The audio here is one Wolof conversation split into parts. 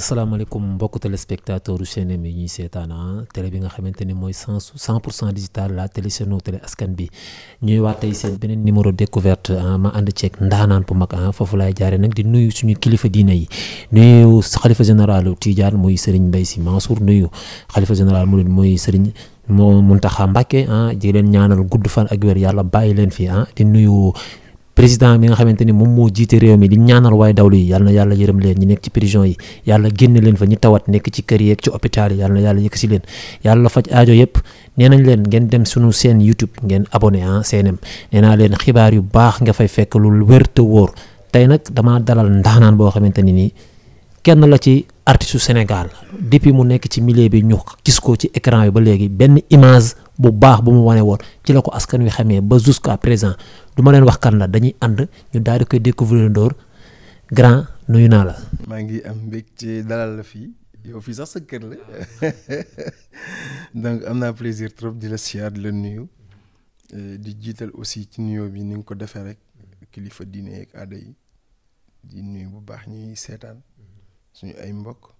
salaamaaleykum mbokk téléspectateur chaîne mi ñuy seetaan télé bi nga xamante ni mooy cent cent pour cent digital la télé sunu télé askan bi ñuy waat tey seen beneen numéro découverte ah, ma ànd ceeg ndaanaan bu mag ah, foofu laay jaaree nag di nuyu suñu kilifa diine yi nuyu xalifa général Tidiane muy Serigne Mbaye Sy Mansour nuyu xalifa général mu muy Serigne. moo Mountakha Mbacké ah di leen ñaanal gudd fan ak wér yàlla bàyyi leen fii ah, di nuyu président mi nga xamante ni moom moo jiite réew mi di ñaanal waaye dawlu yi yàlla na yàlla yërëm leen ñi nekk ci prison yi yàlla génne leen fa ñi tawat nekk ci kër yeeg ci hôpital yi yàlla na yàlla yëkkati leen yàlla faj aajo yëpp nee ah leen xibaar yu baax nga fay fekk lu wér te wóor tey nag damaa dalal ndaanaan boo xamante ni nii kenn la ci artiste su Sénégal depuis mu nekk ci milieu bi ñu gis ko ci écran yi ba léegi benn image bu baax bu mu wane woon ci la ko askan wi xamee ba jusqu'à présent du ma leen wax kan la dañuy ànd ñu daal di koy découvrir door grand nuyu naa la. maa ngi am mbégte dalal la fii yow fii sax sa kër la donc am naa plaisir trop di la siyaar di la nuyu euh, di jiital aussi ci nuyoo bi ni nga ko defee rek kilifa diine ak aada yi di nuyu bu baax ñuy seetaan suñu ay mbokk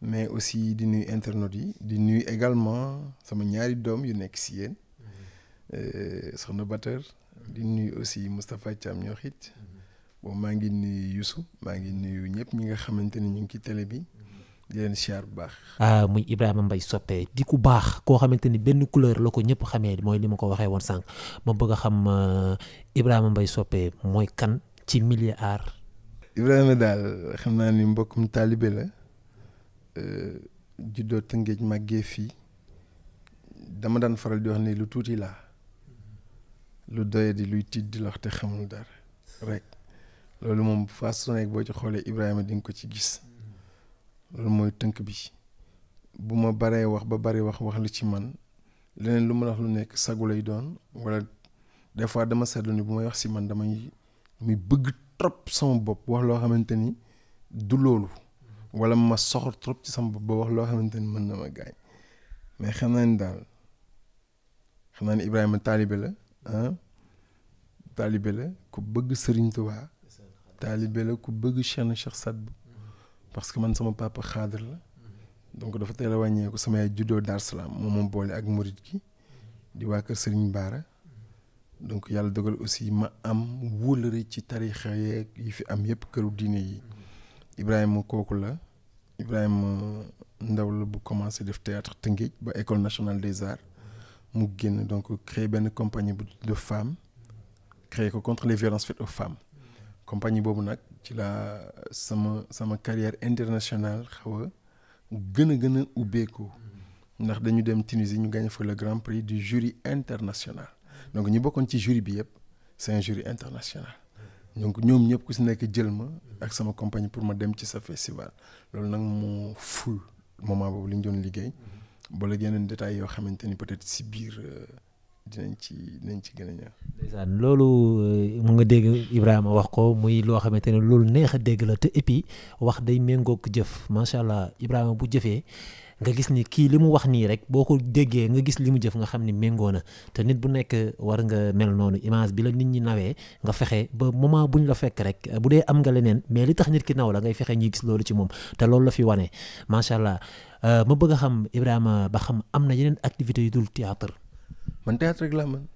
mais aussi di nuyu internet yi di nuyu également sama ñaari doom yu nekk si yéen mhm. euh, soxna Bateur di nuyu aussi Moustapha Thiam xit mhm. bon maa ngi nuyu yusu maa ngi nuyu ñëpp ñi nga xamante ni ñu ngi ci télé bi mhm. di leen siyaar bu baax. ah muy Ibrahima Mbaye Sopé di ku baax koo xamante ni benn couleur la ko ñëpp xamee mooy li ma ko waxee woon sànq ma bëgg a xam euh, Ibrahima Mbaye Sopé mooy kan ci milliard. Ibrahima daal xam naa ni mbokkum talibé la. Euh, juddoo Tëngéej magge fi dama dan faral di wax ni lu tuuti la lu doye di luy tiit di la te xamul dara rek loolu moom façon su boo ci xoolee Ibrahima di nga ko ci gis loolu mooy tënk bi bu ma baree wax ba bari wax wax li ci man leneen lu ma wax lu nekk sagu lay doon wala des fois dama seetlu ni bu may wax si man damay muy bëgg trop sama bopp wax loo xamante ni du loolu wala ma soxor trop ci sama bopp ba wax loo xamanteni ni mën na ma gaañ mais xam naa ni daal xam naa ni Ibrahima taalibe la ah taalibe la ku bëgg Serigne Touba taalibe la ku bëgg Cheikh Cheikh Sadbu parce que man sama papa xaadar la donc dafa teel a wàññeeku sama yaay juddoo Dar Salaam moom moom boole ak murit gi di waa kër Serigne Baara donc yàlla dogal aussi ma am wóolare ci tarixa yeeg yi fi am yépp këru diine yi. Ibrahim Kokula. Ibrahim a euh, commencé le théâtre Tengik, l'École école nationale des arts Il a donc créer une compagnie de femmes contre les violences faites aux femmes compagnie boobu Nak, ci carrière internationale xaw a gën a gën a ndax dañu dem Tunisie gagné le grand prix du jury international donc ñu bokkoon ci jury bi c'est un jury international. donc ñoom ñëpp ku si nekk jël ma ak sama compagnie pour ma dem ci sa festival loolu nag moo ful moment boobu li ñu doon liggéey boole yeneen détails yoo xamante ni peut-être si biir euh, dinañ ci dinañ ci gën a ñaax. ndeysaan loolu euh, mu nga dégg Ibrahima wax ko muy loo xamante ne loolu neex a dégg la te et wax day méngoog jëf macha allah Ibrahima bu jëfee. nga gis ni kii li mu wax nii rek boo ko déggee nga gis li mu jëf nga xam ni méngoo na te nit bu nekk war nga mel noonu image bi la nit ñi nawee nga fexe ba moment bu ñu la fekk rek bu dee am nga leneen mais li tax nit ki naw la ngay fexe ñuy gis loolu ci moom te loolu la fi wane macha allah euh, ma bëgg a xam Ibrahima ba xam am na yeneen activités yu dul théâtre man théâtre rek laa man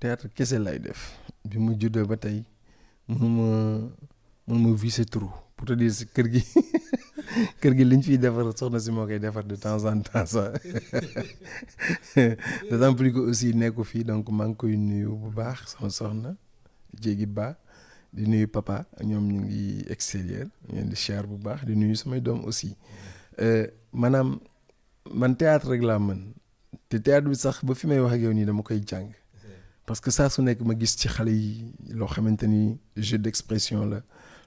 théâtre kese lay def bi mu juddoo ba tey mënuma mënuma viser trou pour kër gi kër gi liñ fiy defar soxna si moo koy defar de temps en temps sax d'autant plus que aussi nekku fii donc maa ngi koy nuyu bu baax sama soxna jéegi ba di nuyu papa ñoom ñu ngi extérieur ñu di char bu baax di nuyu samay doom aussi euh, maanaam man théâtre rek laa mën te théâtre bi sax ba fi may wax ak yow nii dama koy jàng parce que saa su nekk ma gis ci xale yi loo xamante ni jeu d'expression la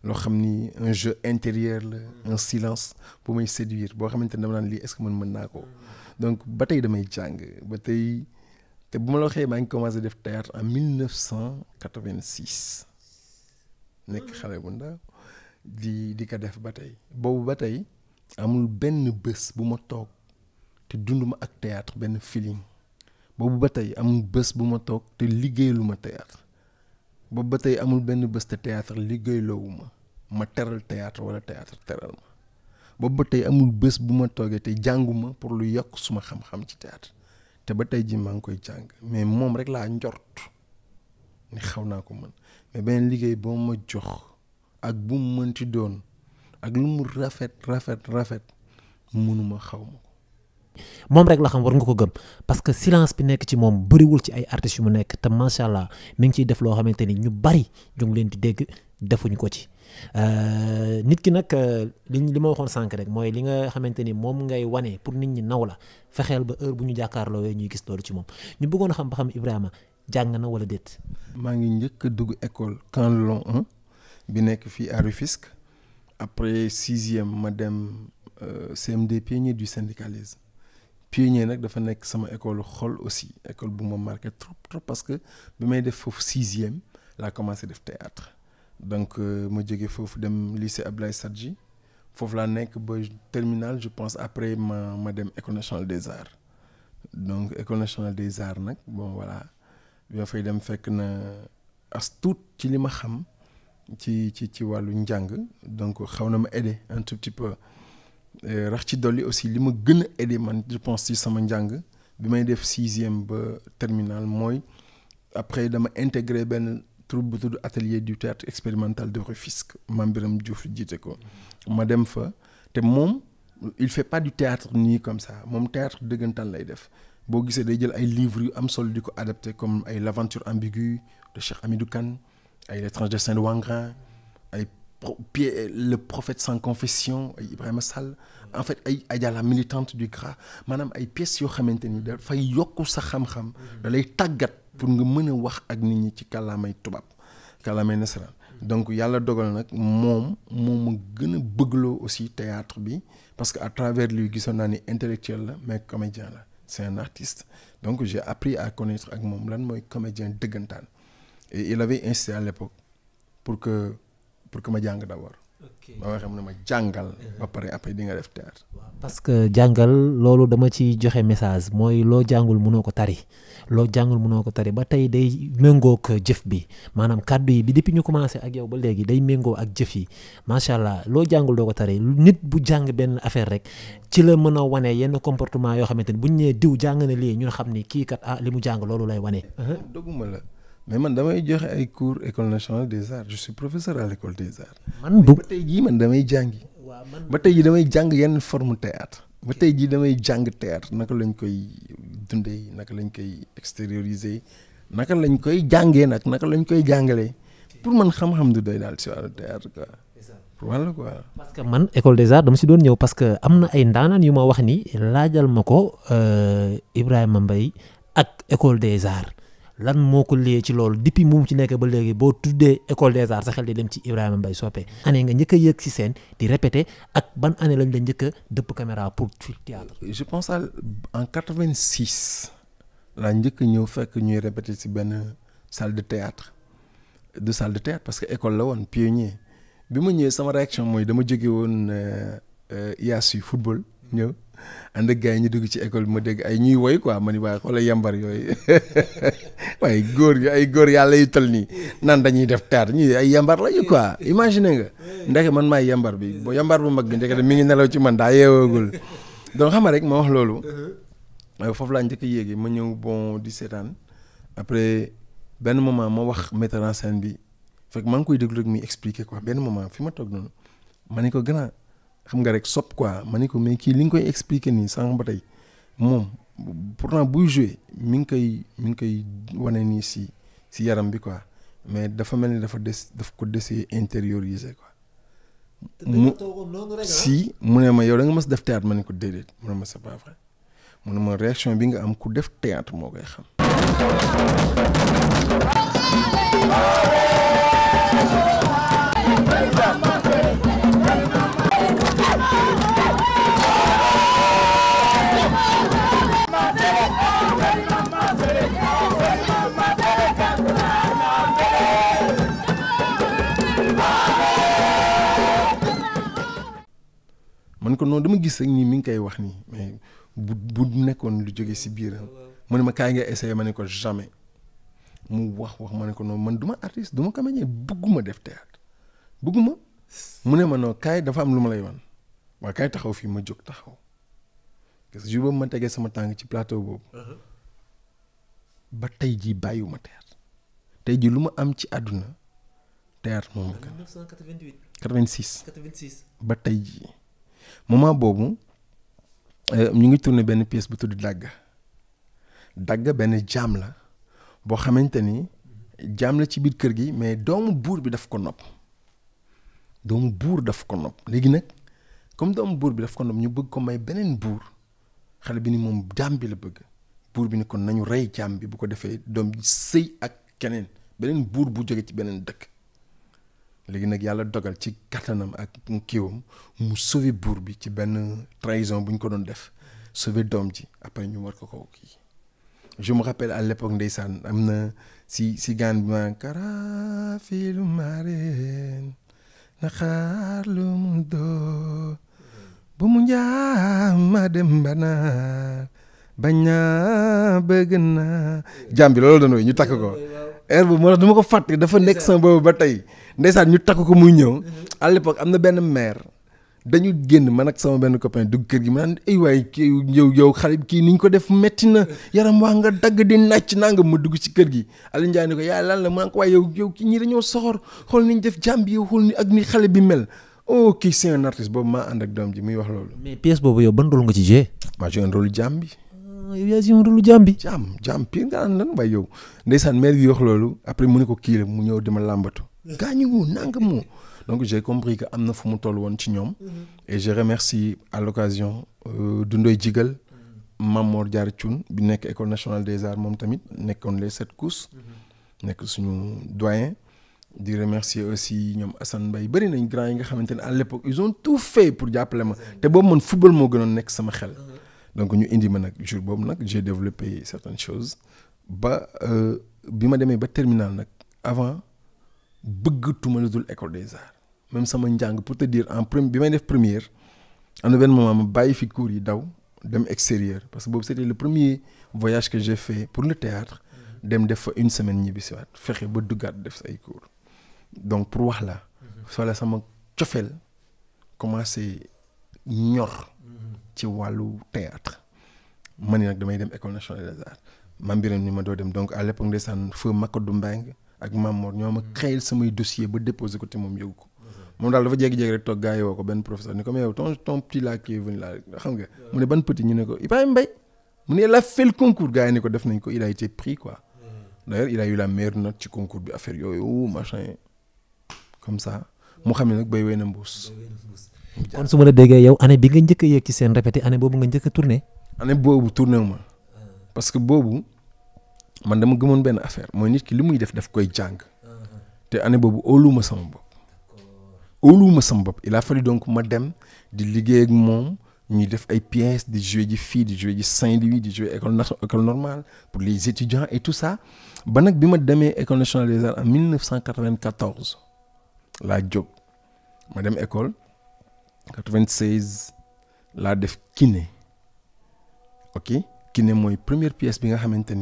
loo xam un jeu intérieur la un silence pour me séduire boo xamante ne dama naan lii est-ce que mon mën naa donc ba tey damay jàng ba tey te bu ma la waxee maa ngi commencé def théâtre en 1986 nekk xale bu ndaw di di ko def ba tey boobu ba tey amul benn bés bu ma toog te dunduma ak théâtre benn feeling boobu ba tey amul bés bu ma toog te liggéeyalu ma théâtre ba ba tey amul benn bés te théâtre liggéeyloowu ma ma teral théâtre wala théâtre teral ma ba ba tey amul bés bu ma toogee te jànguma pour lu yokk suma xam-xam ci théâtre te ba tey jii maa ngi koy jàng mais moom rek laa njort ni xaw naa ko mën mais beneen liggéey boo ma jox ak bu mu mënti doon ak lu mu rafet rafet rafet mënuma xaw ma moom rek la xam war nga ko gëm parce que silence bi nekk ci moom bëriwul ci ay artistes yu mu nekk te macha allah mi ngi ciy def loo xamante ni ñu bari ñu leen di dégg defuñ ko ci. Euh, nit ki nag euh, li li ma waxoon sànq rek mooy li nga xamante ni moom ngay wane pour nit ñi naw la fexeel ba heure bu ñu jàkkaarloo yooyu ñuy gis loolu ci moom ñu bëggoon xam ba xam Ibrahima jàng na wala déet. maa ngi njëkk a dugg école Camp Long 1 bi nekk fii à Rufisque après sixième ma dem euh, CMD pionnier du syndicalisme. pionnier nak dafa nek sama école xol aussi école bu ma marqué trop trop parce que bi may def 6e la commencé def théâtre donc euh, ma jógee foofu dem lycée Abdoulaye Sadji foofu la nek ba terminal je pense après ma ma dem école nationale des arts donc école nationale des arts nak bon voilà bi fay dem fekk na as tout ci li ma xam ci ci ci walu n'jang donc xawna ma aider un tout petit peu rax ci dolli aussi li ma gën a aidé man je pense ci sama njàng bi may def sixième ba terminal mooy après dama intégré benn troupe bu tudd atelier du théâtre expérimental de Rufisque Mame Birame Diouf jiite ko ma dem fa te moom il fait pas du théâtre ni comme ça moom théâtre dëggantaan lay def boo gisee day jël ay livres yu am solo di ko adapté comme ay l'aventure ambiguë de Cheikh Hamidou Kane ay l'étrange de de Wangrin ay le prophète sans confession Ibrahim Sall en fait il y a la militante du y a ay pièces yoo xamante ni dafay yokk sa xam-xam da lay tagat pour nga les gens wax ak nit ñi ci kàllaamay tubaab kàllaamay nasaraan donc il dogal a moom moom ma gën a bëggloo aussi théâtre bi parce qu'à travers lui il naa ni intellectuel mais comédien c'est un artiste donc j'ai appris à connaître ak mom lan moi comédien dëggantaan et il avait insisté à l'époque pour que pour que ma jang d'abord ba nga xam ma jangal ba pare après di nga def théâtre. parce que jangal lolu dama ci joxe message moy lo jangul mëno ko tari lo jangul mëno ko tari ba tay day ak jëf bi manam kàddu yi bi depuis ñu commencé ak yow ba légui day mengo ak jëf yi machallah lo jangul do ko tari nit bu jang ben affaire rek ci la mëna wané wane yenn comportement yo xamanteni ni bu ñu diw jang na li ñun xamni ki kat ah li mu jàng loolu lay wane. la. mais man damay joxe ay cours école nationale des arts je suis professeur à l'école des arts. man du ba tey jii man damay jàngi. ba tay ji damay jang yenn forme théâtre ba tay ji damay jang théâtre naka lañ koy dundé naka lañ koy extérioriser naka lañ koy jangé nak naka lañ koy jangalé pour man xam-xam du doy daal si wàllu théâtre quoi. wala quoi. parce que man école des arts dama ci doon ñew parce que amna ay ndaanaan yu ma wax ni lajal mako euh Ibrahima Mbaye ak école des arts. lan moo ko liyee ci loolu depuis mu ci nekk ba léegi boo tuddee école des arts sa xel di dem ci Ibrahima bay Sopé année nga njëkk a yëg si seen di répété ak ban année lañ la njëkk a dëpp caméra pour ci théâtre euh, je en à en 86 laa njëkk ñëw fekk ñuy répété si benn salle de théâtre du salle de théâtre parce que école la woon pionnier bi ma ñëwee sama réaction mooy dama jóge woon euh, euh, IASU football ñëw. Anda ak gars yi ñu dugg ci école bi ma dégg ay ñuy woy quoi ma ni waaye xoolal yambar yooyu waaye góor yi ay góor yàlla yu tal nii naan dañuy def ay yambar lañu quoi imagine nga ndeke man maay yambar bi bo yambar bu mag bi ndeke mi ngi nelaw ci man daa yeewoogul donc xam rek ma wax loolu uh-huh. foofu laa njëkk yéegi ma ñëw bon di seetaan après benn moment ma wax metteur en scène bi fekk maa ngi koy déglu rek muy expliquer quoi benn ma toog noonu ma ko gën xam nga rek sob quoi ma ne ko mais kii li nga koy expliquer nii sànq ba tey moom pourtant buy joué mi ngi koy mi ngi koy wane nii si si yaram bi quoi mais dafa mel ni dafa des daf ko desee intérioriser quoi. mu si mu ne ma yow da mës mas def théâtre man ne ko déedéet mu ne ma c'est pas vrai mu ne ma réaction bi nga am ku def théâtre moo koy xam. man ko noonu dama gis rek nii mi ngi koy wax nii mais bu bu nekkoon lu jóge si biiram mu ne ma kaay nga essayé ma ne ko jamais mu wax wax ma ne ko noonu man du ma artiste du ma comédien bëgguma def théâtre bëgguma mu ne ma noo kaay dafa am lu ma lay wan waaye kaay taxaw fii ma jóg taxaw parce que ma tegee sama tànk ci plateau boobu uh-huh. ba tey jii bàyyiwuma théâtre tey jii lu ma am ci àdduna théâtre moom 86 86 ba tey jii moment boobu euh, ñu ngi tourné benn pièce bu tudd dagg dagg benn jaam la boo xamante ni jaam la ci biir kër gi mais doomu buur bi daf ko nopp doomu buur daf ko nopp léegi nag comme doomu buur bi daf ko nopp ñu bëgg ko may beneen buur xale bi ni moom jaam bi la bëgg buur bi ni kon nañu rey jaam bi bu ko defee doom sëy ak keneen beneen buur bu jóge ci beneen dëkk léegi nag yàlla dogal ci kattanam ak kiiwam mu sauver bour bi ci benn trahison buñ ko doon def sauver doom ji après ñu war ko ko kii je me rappelle à l'époque ndeysaan am na si si gaan bi ma karaafilu mareen na xaar lu mu doo bu mu njaam ma dem banaar bañ naa bëgg naa jaam loolu ñu takk ko heure boobu moo tax du ko fàtte dafa nekk sama boobu ba tey ndeysaan ñu takk ko muy ñëw à l'époque am na benn maire dañu génn man ak sama benn copain dugg kër gi ma naan ay waay kii yow yow kii ni ñu ko def metti na yaram waa nga dagg di nàcc nanga ma dugg ci kër gi Aliou Ndiaye ne ko lan la ma ne waaye yow yow kii ñii dañoo soxor xool ni ñu def jàmb yow xool ni ak ni xale bi mel oh kii c'est un boobu maa ànd ak doom ji muy wax loolu mais pièce boobu yow ban rôle nga ci joué maa joué un rôle bi aviation rulu jaam bi jaam jaam pire nga naan lan waaye yow ndeysaan maire yi wax loolu après mu ne ko kii la mu ñëw dama làmbatu gaañu wu nanga mu donc j'ai compris que am na fu mu toll woon ci ñoom mhm. et je remercie à l'occasion euh, Dundoy Jigal Mamor Diar Thioun bi nekk école nationale des arts moom tamit nekkoon les sept courses mhm. nekk suñu doyen di remercier aussi ñoom Assane Mbaye bëri nañ grand yi nga xamante ne à l'époque ils ont tout fait pour jàppale ma te boobu man football moo gënoon nekk sama xel mhm donc ñu indi ma nag jour boobu nag j'ai développé certaines choses ba euh, bi ma demee ba terminal nag avant bëggatuma lu dul école des arts même sama njàng pour te dire en premier bi may def première à na benn moment ma bàyyi fi cours yi daw dem extérieur parce que boobu c'était le premier voyage que j'ai fait pour le théâtre dem def fa une semaine ñibbi si fexe ba duggaat def sa ay cours donc pour wax la soo mhm. la sama cofeel commencé ñor ci walu théâtre man suis damay dem école nationale des arts ni ma dem donc à l'époque ndessane feu makadou ak ñoma mm. dossier ba Je suis ko mm-hmm. dafa professeur ni yow là là xam nga mu ban petit ñu ne ko fait le concours ni il a été pris quoi mm-hmm. d'ailleurs il a eu la meilleure note concours machin comme ça kon su ma la déggee yow année bi nga njëkk a yéeg ci seen répété année boobu nga njëkk a tourné. année boobu tourné ma parce que boobu man dama gëmoon benn affaire mooy nit ki li muy def daf koy jàng te année boobu óoluwuma sama bopp óoluwuma sama bopp il a fallu donc ma dem di liggéey ak moom. ñuy def ay pièces di jouer ji fii di jouer ji Saint-Louis di jouer école école normale pour les étudiants et tout ça ba nag bi ma demee école nationale des arts en 1994 La jóg ma dem école 96 la def kiné ok kiné moy première pièce bi nga xamante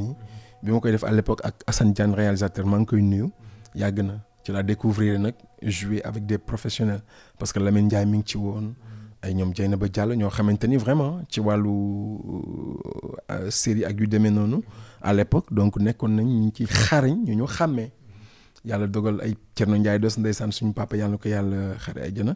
bi ma koy def à l'époque ak Assane Diagne réalisateur maa koy nuyu yàgg na ci la découvrir nak jouer avec des professionnels parce que Lamine Ndiaye mi ngi ci won ay ñoom Dieynaba Diallo ñoo xamante ni vraiment ci walu euh, euh, série ak yu demee nonu à l'époque donc nekkon nañ ñu ci xarañ ñu ñu xàmmee yàlla dogal ay Thierno Ndiaye dos ndeysaan suñu papa yalla ko yàlla xare ay jëna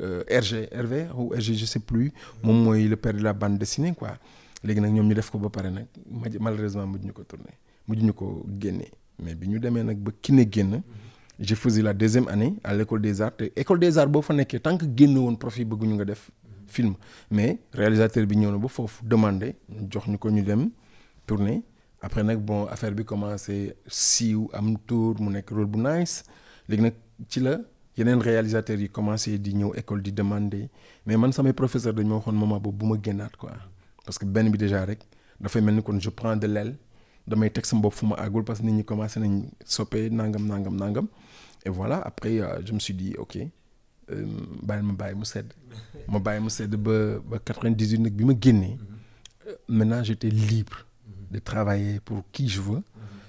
Euh, RG RV ou je sais plus Mon moi le père de la bande dessinée quoi léegi nag ñoom ñu def ko ba pare nag malheureusement mujj ñu ko tourné mujj ñu ko génne mais bi ñu demee nag ba Kiné génn je faisais la deuxième année à l'école des arts école des arts boo fa nekkee tant que génn woon profit bëgguñu nga def film mais réalisateur bi ñëw na ba foofu demander. jox ñu ko ñu dem tourné après nag bon affaire bi commencé siiw am tour mu nekk rôle bu nice léegi nag ci la yeneen réalisateurs yi commencé di ñëw école di demander mais man samay professeur dañ ma waxoon moment boobu bu quoi parce que benn bi déjà rek dafay mel ni kon je prends de l'aile damay teg sama bopp fu ma parce que nit ñi commencé nañ soppee nangam et voilà après euh, je me suis dit ok euh, bàyyi ma bàyyi mu sedd ma bàyyi mu sedd ba ba 98 euh, maintenant j'étais libre de travailler pour qui je veux mm-hmm.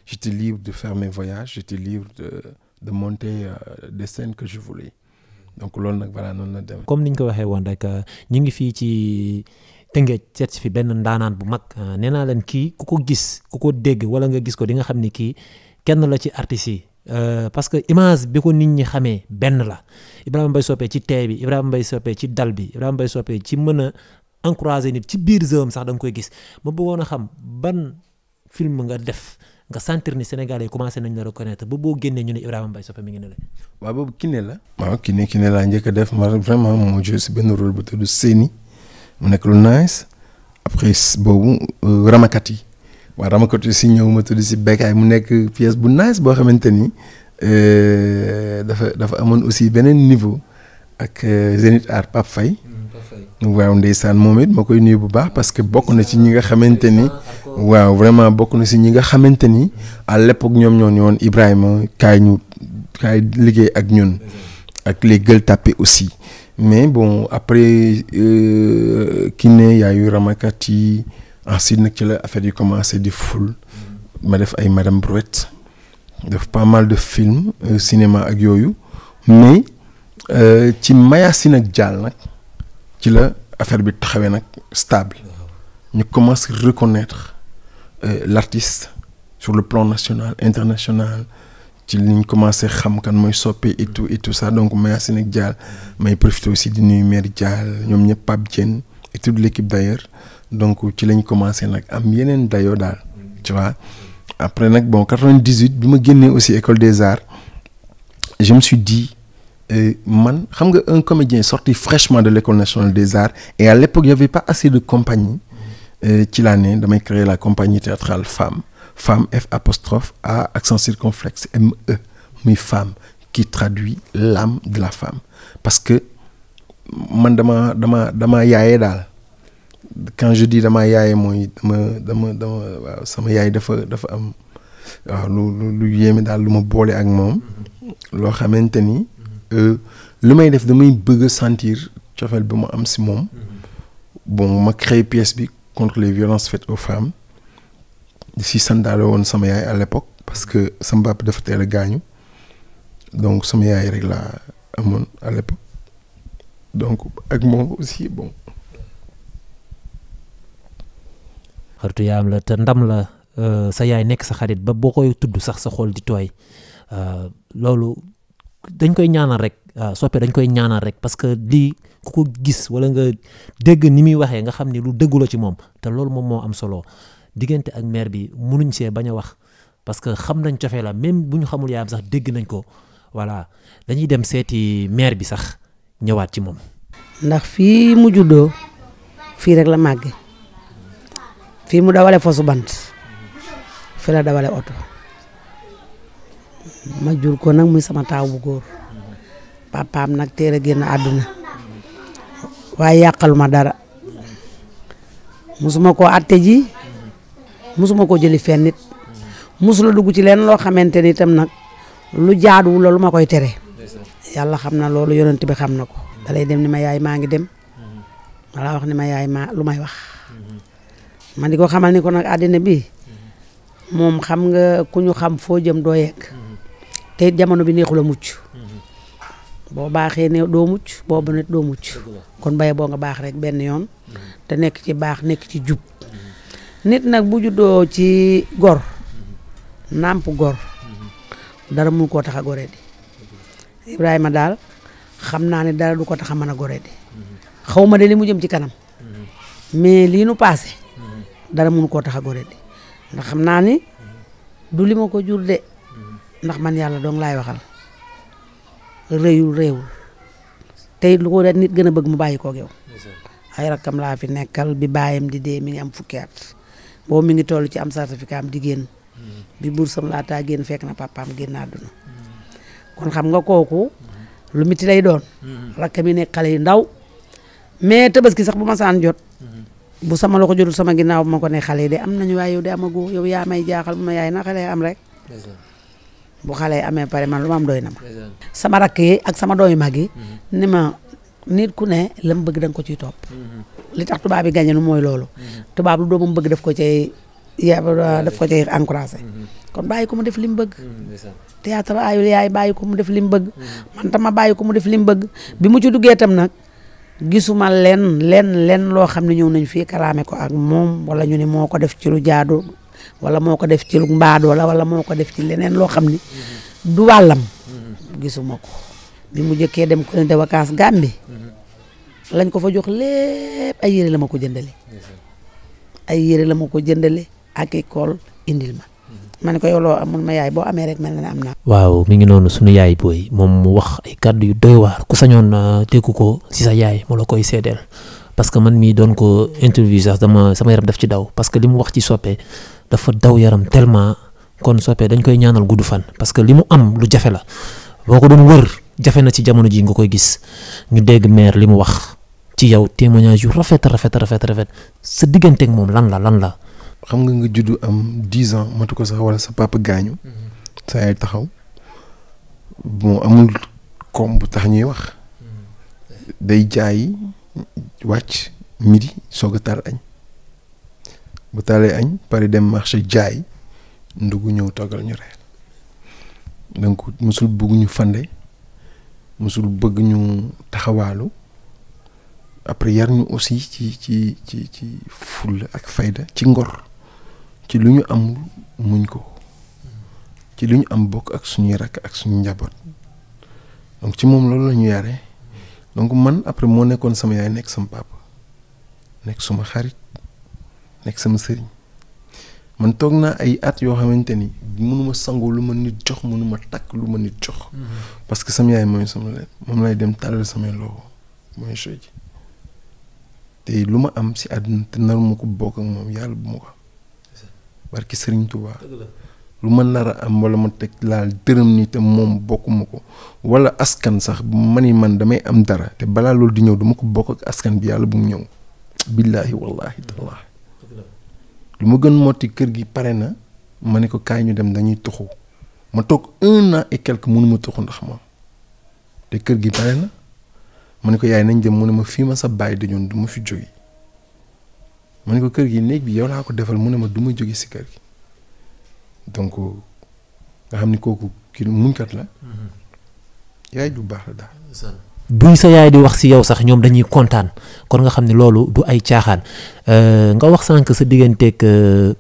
j'étais libre de faire mes voyages j'étais libre de de monter euh, des que je voulais donc loolu nag voilà noonu la dem comme ni ñu ko waxee woon rek euh, ñu ngi fii ci Tëngéej seet si fi benn ndaanaan bu mag euh, nee naa leen kii ku ko gis ku ko dégg wala nga gis ko di nga xam ni kii kenn la ci artistes yi. Euh, parce que image bi ko nit ñi xamee benn la Ibrahima Mbaye Sopé ci tey bi Ibrahima Mbaye soppee ci dal bi Ibrahima Mbaye Sopé ci mën a encourager nit ci biir zëwam sax danga koy gis ma bëggoon a xam ban film nga def. nga sentir ni sénégal yi commencé nañ la reconnaître ba boo génnee ñu ne Ibrahima Mbaye Sopé mi ngi ne la. waaw boobu Kiné la. waaw Kiné Kiné laa njëkk def ma vraiment moo joué si benn bu tudd Séni mu nekk lu nice après boobu euh, ramakat yi waaw ramakat si ñëw ma tudd si Bécaye mu nekk pièce bu nice boo xamante ni euh, dafa dafa amoon aussi beneen niveau ak euh, Zénith Art Pape fay waaw ndeysaan moom it ma koy nuyu bu baax parce que beaucoup na ci ñi nga xamante ni waaw vraiment beaucoup na si ñi nga ni à l'époque ñoom ñoo Ibrahim Ibrahima kaay ñu kaay liggéey ak ñun ak les Gueule Tapée aussi mais bon après euh, Kine yaayu ramakat yi ensuite nag ci la affaire yu commencé di ful ma def ay Madame Brouette def pas mal de films euh, cinéma ak mais euh, ci Mayacine ak Dial ci la affaire bi travail nag stable ñu commence reconnaître euh, l'artiste sur le plan national international ci liñ commencé xam kan mooy soppe et tout et tout ça donc Mayacine Sénégal, Mais il profité aussi du numérique, Dial ñoom ñëpp Pape et toute l'équipe d'ailleurs donc ci lañ commencé à am yeneen dayoo tu vois après en bon 98 je ma aussi école des arts je me suis dit man xam nga un comédien sorti fraîchement de l'école nationale des arts et à l'époque il n'y avait pas assez de compagnie ci euh, laa damay la compagnie théâtrale femme femme F apostrophe A accent circonflexe M E femme qui traduit l'âme de la femme parce que man dama dama dama yaayee dal quand je dis dama yaayee moy dama dama dama waaw sama yaay dafa dafa am waaw lu lu lu dal luma bolé ma ak euh, le may def damay bëgg sentir cofeel am si mhm. bon ma créé pièce bi contre les violences faites aux femmes si sandaale woon sama à l'époque parce que sama donc sama yaay rek à l'époque donc ak moi aussi bon. la te ndam la euh, sa yaay nekk sa xarit ba boo tudd sax sa di euh, dañ koy ñaanal rek euh, soppe dañ koy ñaanal rek parce que lii ku ko gis wala nga dégg ni muy waxee nga xam ni lu dëggu la ci moom te loolu moom moo am solo diggante ak maire bi munuñ see bañ a wax parce que xam nañ cofee la même bu ñu xamul yaayam sax dégg nañ ko voilà dañuy dem seeti maire bi sax ñëwaat ci moom. ndax fii mu juddoo fii rek la màgge fii mu dawale fosu bant fi la dawale oto. ma jur ko nak muy sama taw bu góor papaam nag teel a génn àdduna waaye yàqalu ma dara musuma ko atté ji musuma ko jëli fenn nit musula dugg ci lén lo xamante tam nak lu jaadu la lu ma koy tere yàlla yonent bi xamnako dalay dem ni ma yaay maa ngi dem wala wax ni ma yaay ma lu wax ma diko xamal ni ko nak adina bi mom xam nga kuñu xam fo jëm te it jamono bi neexul a mucc mhm. boo baaxee ne doo mucc boo bonee doo mucc kon baye boo nga baax rek benn yoon mhm. te nekk ci baax nekk ci jub mhm. nit nag bu juddoo ci gor nàmp gor dara mun koo tax a gore Ibrahima daal xam naa ni dara du ko tax a mën a gore xaw ma de li mu jëm ci kanam mais lii nu passé dara mun koo tax a gore xam naa ni du li ma ko jur de ndax man yàlla doom laay waxal réyul réewul tey lu ko nit gën a bëgg mu bàyyi koo yow. ay rakkam laa fi nekkal bi baayam di dee mi ngi am fukki at boobu mi ngi toll ci am certificat am di génn mm-hmm. bi bursam laataa génn fekk na papaam génn àdduna mm-hmm. kon xam nga kooku mm-hmm. lu miti lay doon. rakkam yi xale yu ndaw mais tabaski sax bu ma saan jot. sama loxo sama ginnaaw bu ma ko ne xale yi de am nañu waaye yow de amagoo yow yaa may jaaxal bu ma yaay na xale am rek. bu xale yi amee pare man lu ma am doy na ma. sama rakk yi ak sama doomi mag yi. Mhm. ni ma nit ku ne la mu bëgg da ko ciy topp. Mhm. li tax tubaab yi gañe nu mooy loolu. Mhm. tubaab lu doomam bëgg def ko cay ya daf ko cay encouragé. kon bàyyi ko mu def li mu bëgg. théâtre ayul yaay bàyyi ko mu def li mu bëgg. man tam ma bàyyi ko mu def li mu bëgg. bi mu ci duggee tam nag. gisuma lenn len lenn loo xam ne ñëw nañ fii karaame ko ak moom wala ñu ne moo ko def ci lu jaadu wala moo ko def ci lu mbaadoo la wala moo ko def ci leneen loo xam ni du wàllam gisuma ko bi mu jëkkee dem colonie de vacances Gambie lañ ko fa jox lépp ay yére la ma ko jëndale ay yére la ma ko jëndale ak école indil ma ma ne ko yow loo amul ma yaay boo amee rek mel na am naa. waaw mi ngi noonu sunu yaay booy moom mu wax ay kàddu yu doy waar ku sañoon ah, dégg ko si sa yaay mu la koy seedeel parce que man mi don ko interview sax dama sama yaram daf ci daw parce que limu wax ci soppe dafa daw yaram tellement kon soppe dañ koy ñaanal gudd fan parce que limu am lu jafé la boko jafela wër jafé na ci jamono ji nga koy gis ñu dégg mère limu wax ci yow témoignage yu rafet rafet rafet rafet sa digënté ak mom lan la lan la xam nga nga juddu am 10 ans matu ko sax wala sa papa gañu mhm. sa ay taxaw bon amul kom bu tax ñuy wax mhm. day jaay wacc midi soog a taal añ bu taalee añ pare dem marché jaay ndugu ñëw togal ñu donc musul bëgg ñu fande musul bëgg ñu taxawaalu après yar ñu aussi ci ci ci ci ful ak fayda ci ngor ci lu ñu amul muñ ko ci lu am bokk ak suñu rak ak suñu njaboot donc ci moom loolu la ñu yaree donc man après moo nekkoon sama yaay nekk sama papa nekk suma xarit nekk sama sëriñ man toog naa ay at yoo xamante ni mënuma sangoo lu ma nit jox mënuma takk lu ma nit jox. Mm-hmm. parce que sama yaay mooy sama leen moom lay dem tàllal samay loxo mooy ji te lu ma am si àdduna te naruma ko bokk moom yàlla bu ma ko barki sëriñ Tuubaa lu ma nar a am wala ma teg laal dërëm ni te moom bokkuma wala askan sax mani man damay am dara te balaa loolu di ñëw duma ko bokk ak askan bi yàlla bu mu ñëw billahi wallahi taala, lu ma gën motti kër gi pare na ma ne ko kaay ñu dem dañuy tuxu ma toog un an et quelque mënuma tuxu ndax ma te kër gi pare na ma ko yaay nañ dem mu ne ma fii ma sa bàyyi du fi jóge ma ne ko kër gi néeg bi yow laa ko defal mu ne ma du jóge si kër gi donc kooku kii muñkat du mhm. baax la buy sa yaay di wax si yow sax ñoom dañuy kontaan kon nga xam ne loolu du ay caaxaan euh, nga wax sànq sa digganteeg euh,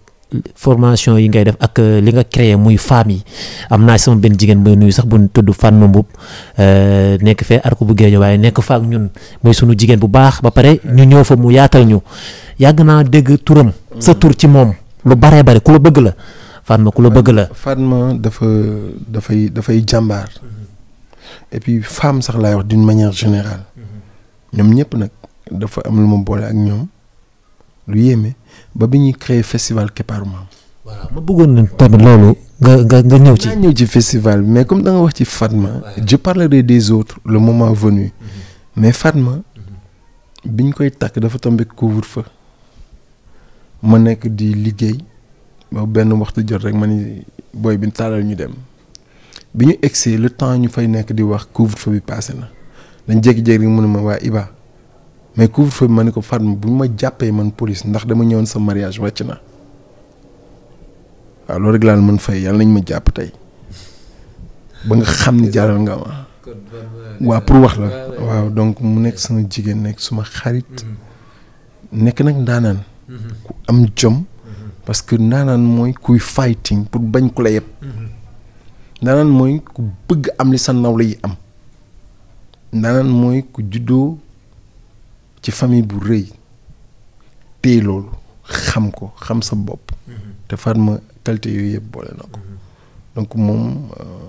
formation yi ngay def ak euh, li nga créé muy femmes yi am naa sama benn jigéen mooy nuyu sax bu tudd Fatma Mbub nekk fee arc bu géej waaye nekk fa ak ñun mooy sunu jigéen bu baax ba pare ñu ñëw fa mu yaatal ñu yàgg naa dégg turam. sa mhm. tur ci moom lu baree bare ku la bëgg la. Fatma ku la bëgg la. Fatma dafa dafay dafay jàmbaar et puis femme sax lay wax d'une manière générale ñoom ñëpp nag dafa am lu ma boole ak ñoom lu yéeme ba bi ñuy créer festival Keparu Maam. voilà ma bëggoon na tamit loolu. nga nga nga ñëw ci ñëw ci festival mais comme da nga wax ci Fatma. je parlerai des autres le moment venu. Mm-hmm. mais Fatma mm-hmm. biñ koy takk dafa tombé couvre-feu ma nekk di liggéey ba benn waxtu jot rek ma ni booy bi taalal ñu dem bi ñu egsee le temps ñu fay nekk di wax couvre-feu bi passé na dañ jékki-jékki rek mu ne ma waa Iba mais couvre-feu bi ma ne ko Fatma bu ma jàppee man police ndax dama ñëwoon sa mariage wàcc na waaw loolu rek laa mën fay yàlla nañ ma jàpp tey ba nga xam ni jaaral nga ma waaw pour wax la waaw donc mu nekk sama jigéen nekk suma xarit mm-hmm. nekk nag ndaanaan mm-hmm. ku am jom parce que naanaan mooy kuy fighting pour bañ ku la yëpp mm-hmm. naanaan mooy ku bëgg am li sa nawle yi am naanaan mooy ku juddoo ci famille bu rëy téye loolu xam ko xam sa bopp mm-hmm. te Fatma qualité yooyu yëpp boole na ko mm-hmm. donc moom euh,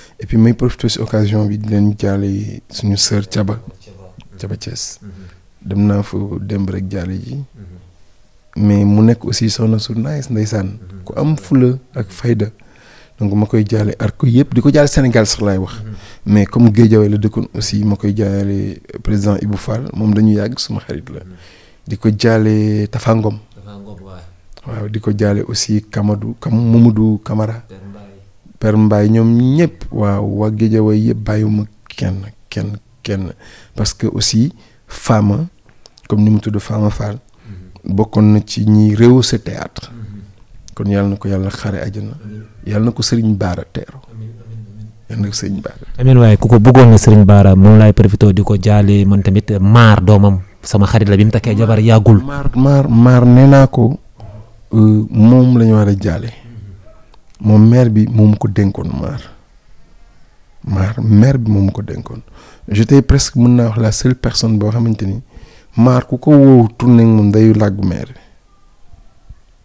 et puis may profité si occasion bi di leen jaale suñu sœur Thiaba Thiaba Thiès mhm. dem naa fa démb rek jaale ji mhm. mais mu nekk aussi soxna su nice ndeysaan mhm. ku am fula ak fayda donc ma koy jaale arko yëpp di ko jaale Sénégal sax laay wax mais comme Guédiawaye la dëkkoon aussi ma koy jaale président Ibou Fall moom dañu yàgg suma xarit la di ko jaale Tafa waaw di ko jaale aussi Kamadou Kam Mamadou Camara per mbaay ñoom ñëpp waaw waa géejawaay yëpp bàyyiwuma kenn kenn kenn parce que aussi faama comme ni mu tudd Fama Fall mhm. bokkoon na ci ñi réew sa théâtre mhm. kon yàlla na ko yàlla xare àjjana yàlla na ko sëriñ baara teeru yàlla na ko sëriñ baara amiin waaye ku ko bëggoon na sëriñ baara moom laay profité di ko jaalee man tamit maar doomam sama xarit la bi mu takkee jabar yàggul maar maar maar nee naa ko euh, moom la ñu war a jaale moom maire bi moom ko dénkoon maar maar maire bi moom ko dénkoon j'étais presque mën naa wax la seule personne boo xamante ni maar ku ko woow tourné moom dayu làggu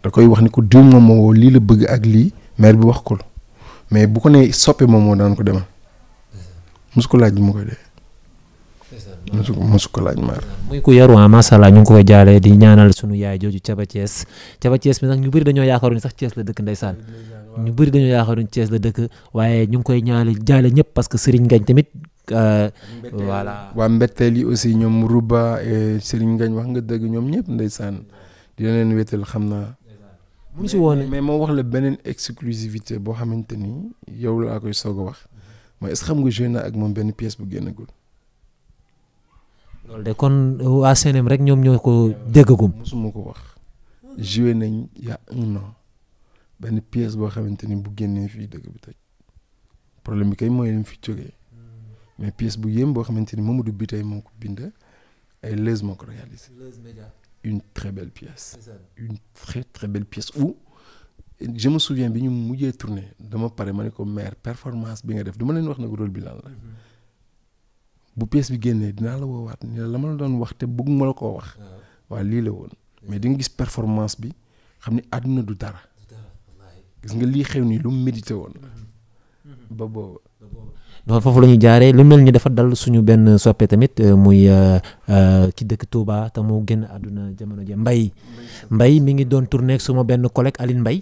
da koy wax ni ko diw moom moo lii la bëgg ak lii maire bi wax ko mais bu ko nee soppe moom moo daan ko demal mosu ko laaj mu koy dee musu musu ko laaj maar muy ku yaru ah macha allah ñu koy jaale di ñaanal sunu yaay jooju Thiaba Thiès Thiaba Thiès bi nag ñu bëri dañoo yaakaaru ni sax Thiès la dëkk ndeysaan ñu bëri dañoo yaakaaruñ Thiès la dëkk waaye ñu ngi koy ñaale jaale ñëpp parce que Serigne Ngagne tamit. Euh, voilà waa mbetteel yi aussi ñoom Rouba Serigne ngañ wax nga dëgg ñoom ñëpp ndeysaan dina leen wétal xam naa. mu si woon mais moo wax la beneen exclusivité boo xamante ni yow laa koy soog a wax mooy xam nga joué na ak moom benn pièce bu génnagul. loolu de kon waa CNM rek ñoom ñoo ko déggagum. musuma ko wax joué nañ y benn pièce boo xamante ni bu génnee fii dëgg bi tey problème bi kay mooy lim fi jógee hmm. mais pièce bu yéem boo xamante ni Mamadou bi tey moo ko bind ay Leuz moo ko réalisé une très belle pièce une très très belle pièce où je me souviens bi ñu mujjee tourné dama pare ma ne ko mère performance bi nga def du ma leen wax nag rôle bi lan la mhm. bu pièce bi génnee dinaa la woowaat ni la la ma la doon wax te bëgg ma la koo wax ah. waaw lii la woon mais di nga gis performance bi xam ni àdduna du dara gis nga lii xew nii lu mu médité ba booba loolu foofu la ñu lu mel ni dafa dal suñu ben soppe tamit euh, muy euh, euh, ci dëkk Touba te mu génn àdduna jamono ji Mbaye Mbaye mi ngi doon tourné suma benn collègue Aline Mbaye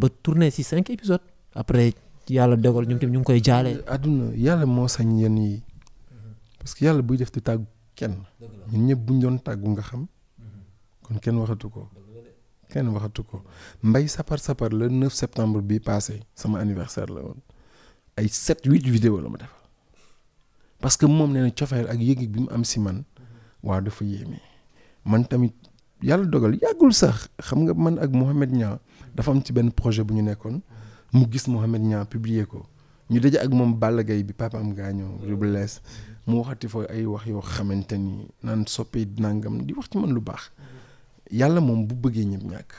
ba tourné si cinq épisodes après yàlla dogal ñu ngi ñu koy jaale. àdduna yàlla moo sañ yenn yi parce que yàlla buy def di tàggu kenn ñun buñ doon nga xam mhm. kon kenn waxatu ko kenn waxatu ko mbay sapar sapar le 9 septembre bi passé sama anniversaire la won ay 7 8 vidéo la ma def parce que mom nee tiofel ak yegg bi mu am ci man wa dafa yéeme man tamit yalla dogal yagul sax xam nga man ak Mouhamed Niang dafa am ci ben projet bu ñu nekkon mu gis Mouhamed Niang publier ko ñu daje ak mom Balla gay bi papa papaam gaañoo rubles mu waxati fo ay wax yo xamanteni nan naan nangam di wax ci man lu bax yàlla moom bu bëggee ñëpp ñàkk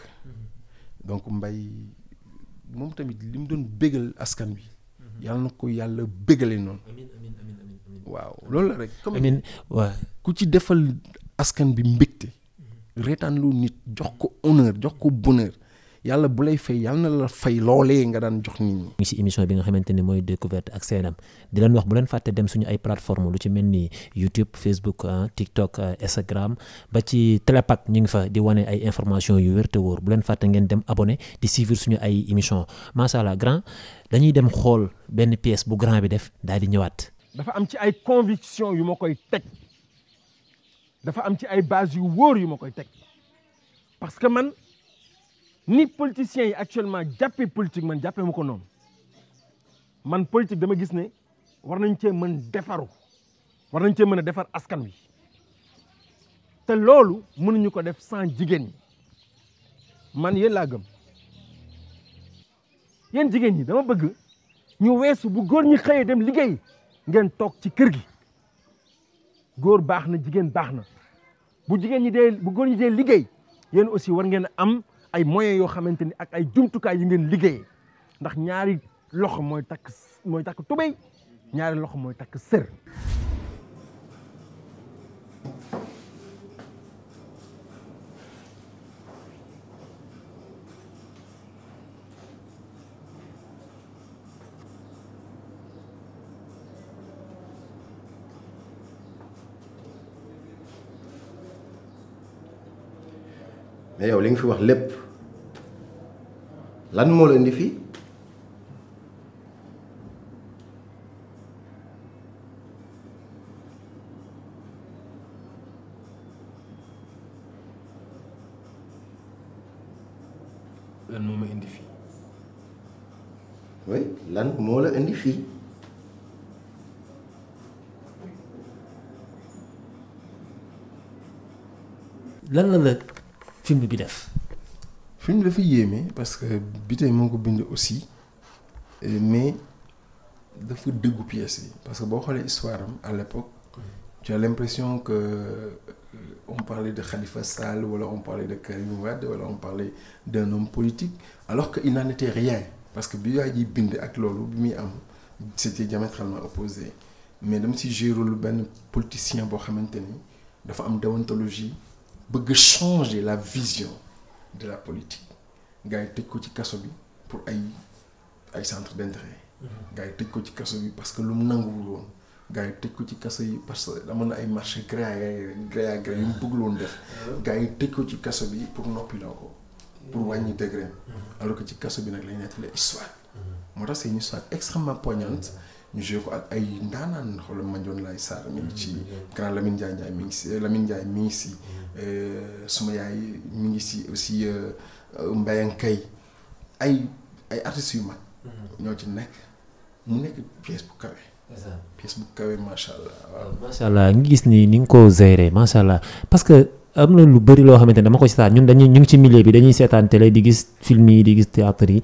donc mbay moom tamit li doon béggal askan wi yàlla na ko yàlla bégale noonu waaw loolu la rek ku ci defal askan bi mbégte reetaan lu nit jox ko honneur jox ko bonheur yàlla bu lay fay yàlla na la fay loolee nga daan jox nit ñi. ngi si émission bi nga xamante ni mooy découverte ak seenam di leen wax bu leen fàtte dem suñu ay plateforme lu ci mel ni YouTube Facebook ah, TikTok ah, Instagram ba ci Télépac ñu ngi fa di wane ay information yu wér wóor bu leen fàtte ngeen dem abonné di suivre suñu ay émission macha allah grand dañuy dem xool benn pièce bu grand bi def daal di ñëwaat. dafa am ci ay conviction yu ma koy teg dafa am ci ay base yu wóor yu ma koy teg nit politiciens yi actuellement jàppee politique man jàppee ma ko noonu man politique dama gis ne war nañ cee mën defaru war nañ cee mën a defar askan wi te loolu mun mënuñu ko def sans jigéen ñi man yéen laa gëm yéen jigéen ñi dama bëgg ñu weesu bu góor ñi xëyee dem liggéey ngeen toog ci kër gi góor baax na jigéen baax na bu jigéen ñi dee bu góor ñi dee liggéey yéen aussi war ngeen am ay moyens yoo xamante ni ak ay jumtukaay yi ngeen liggéeyee ndax ñaari loxo mooy takk mooy takk tubéy ñaari loxo mooy takk sër mais yow li nga fi wax lépp لن مول اندي في لن موما اندي في لن مولا اندي لن في مبي film dafa yéeme parce que bi tey moo ko aussi eh, mais dafa dëggu pièce yi parce que boo xoolee histoire am à l'époque tu as l'impression que euh, on parlait de Khalifa Sall wala on parlait de Karim Wade wala on parlait d'un homme politique alors qu'il n'en était rien parce que bi waa ji ak c'était diamétralement opposé mais même si gérer politicien boo xamante ni dafa am déontologie bëgg changer la vision de la politique gars yi pour ay ay centre d'intérêt mhm. gars yi parce que l'homme mu pas woon gars parce que na ay marché gré à gré à gré def mhm. gars pour les pour mhm. alors que ci bi histoire c'est une histoire extrêmement poignante ñu joué ay ndaanaan xoolal Mandione Laye Sarr mi ngi si mm-hmm. Lamine Ndiaye mi ngi si euh, suma yaay mi ngi si aussi euh, Mbayankay ay ay artistes yu mag. Mm-hmm. ñoo mu ngi ni ni nga ko géré macha allah que. am na lu loo xamante ne dama ko ñun dañuy ñu ngi ci milieu bi dañuy seetaan télé di gis film yi di gis théâtre yi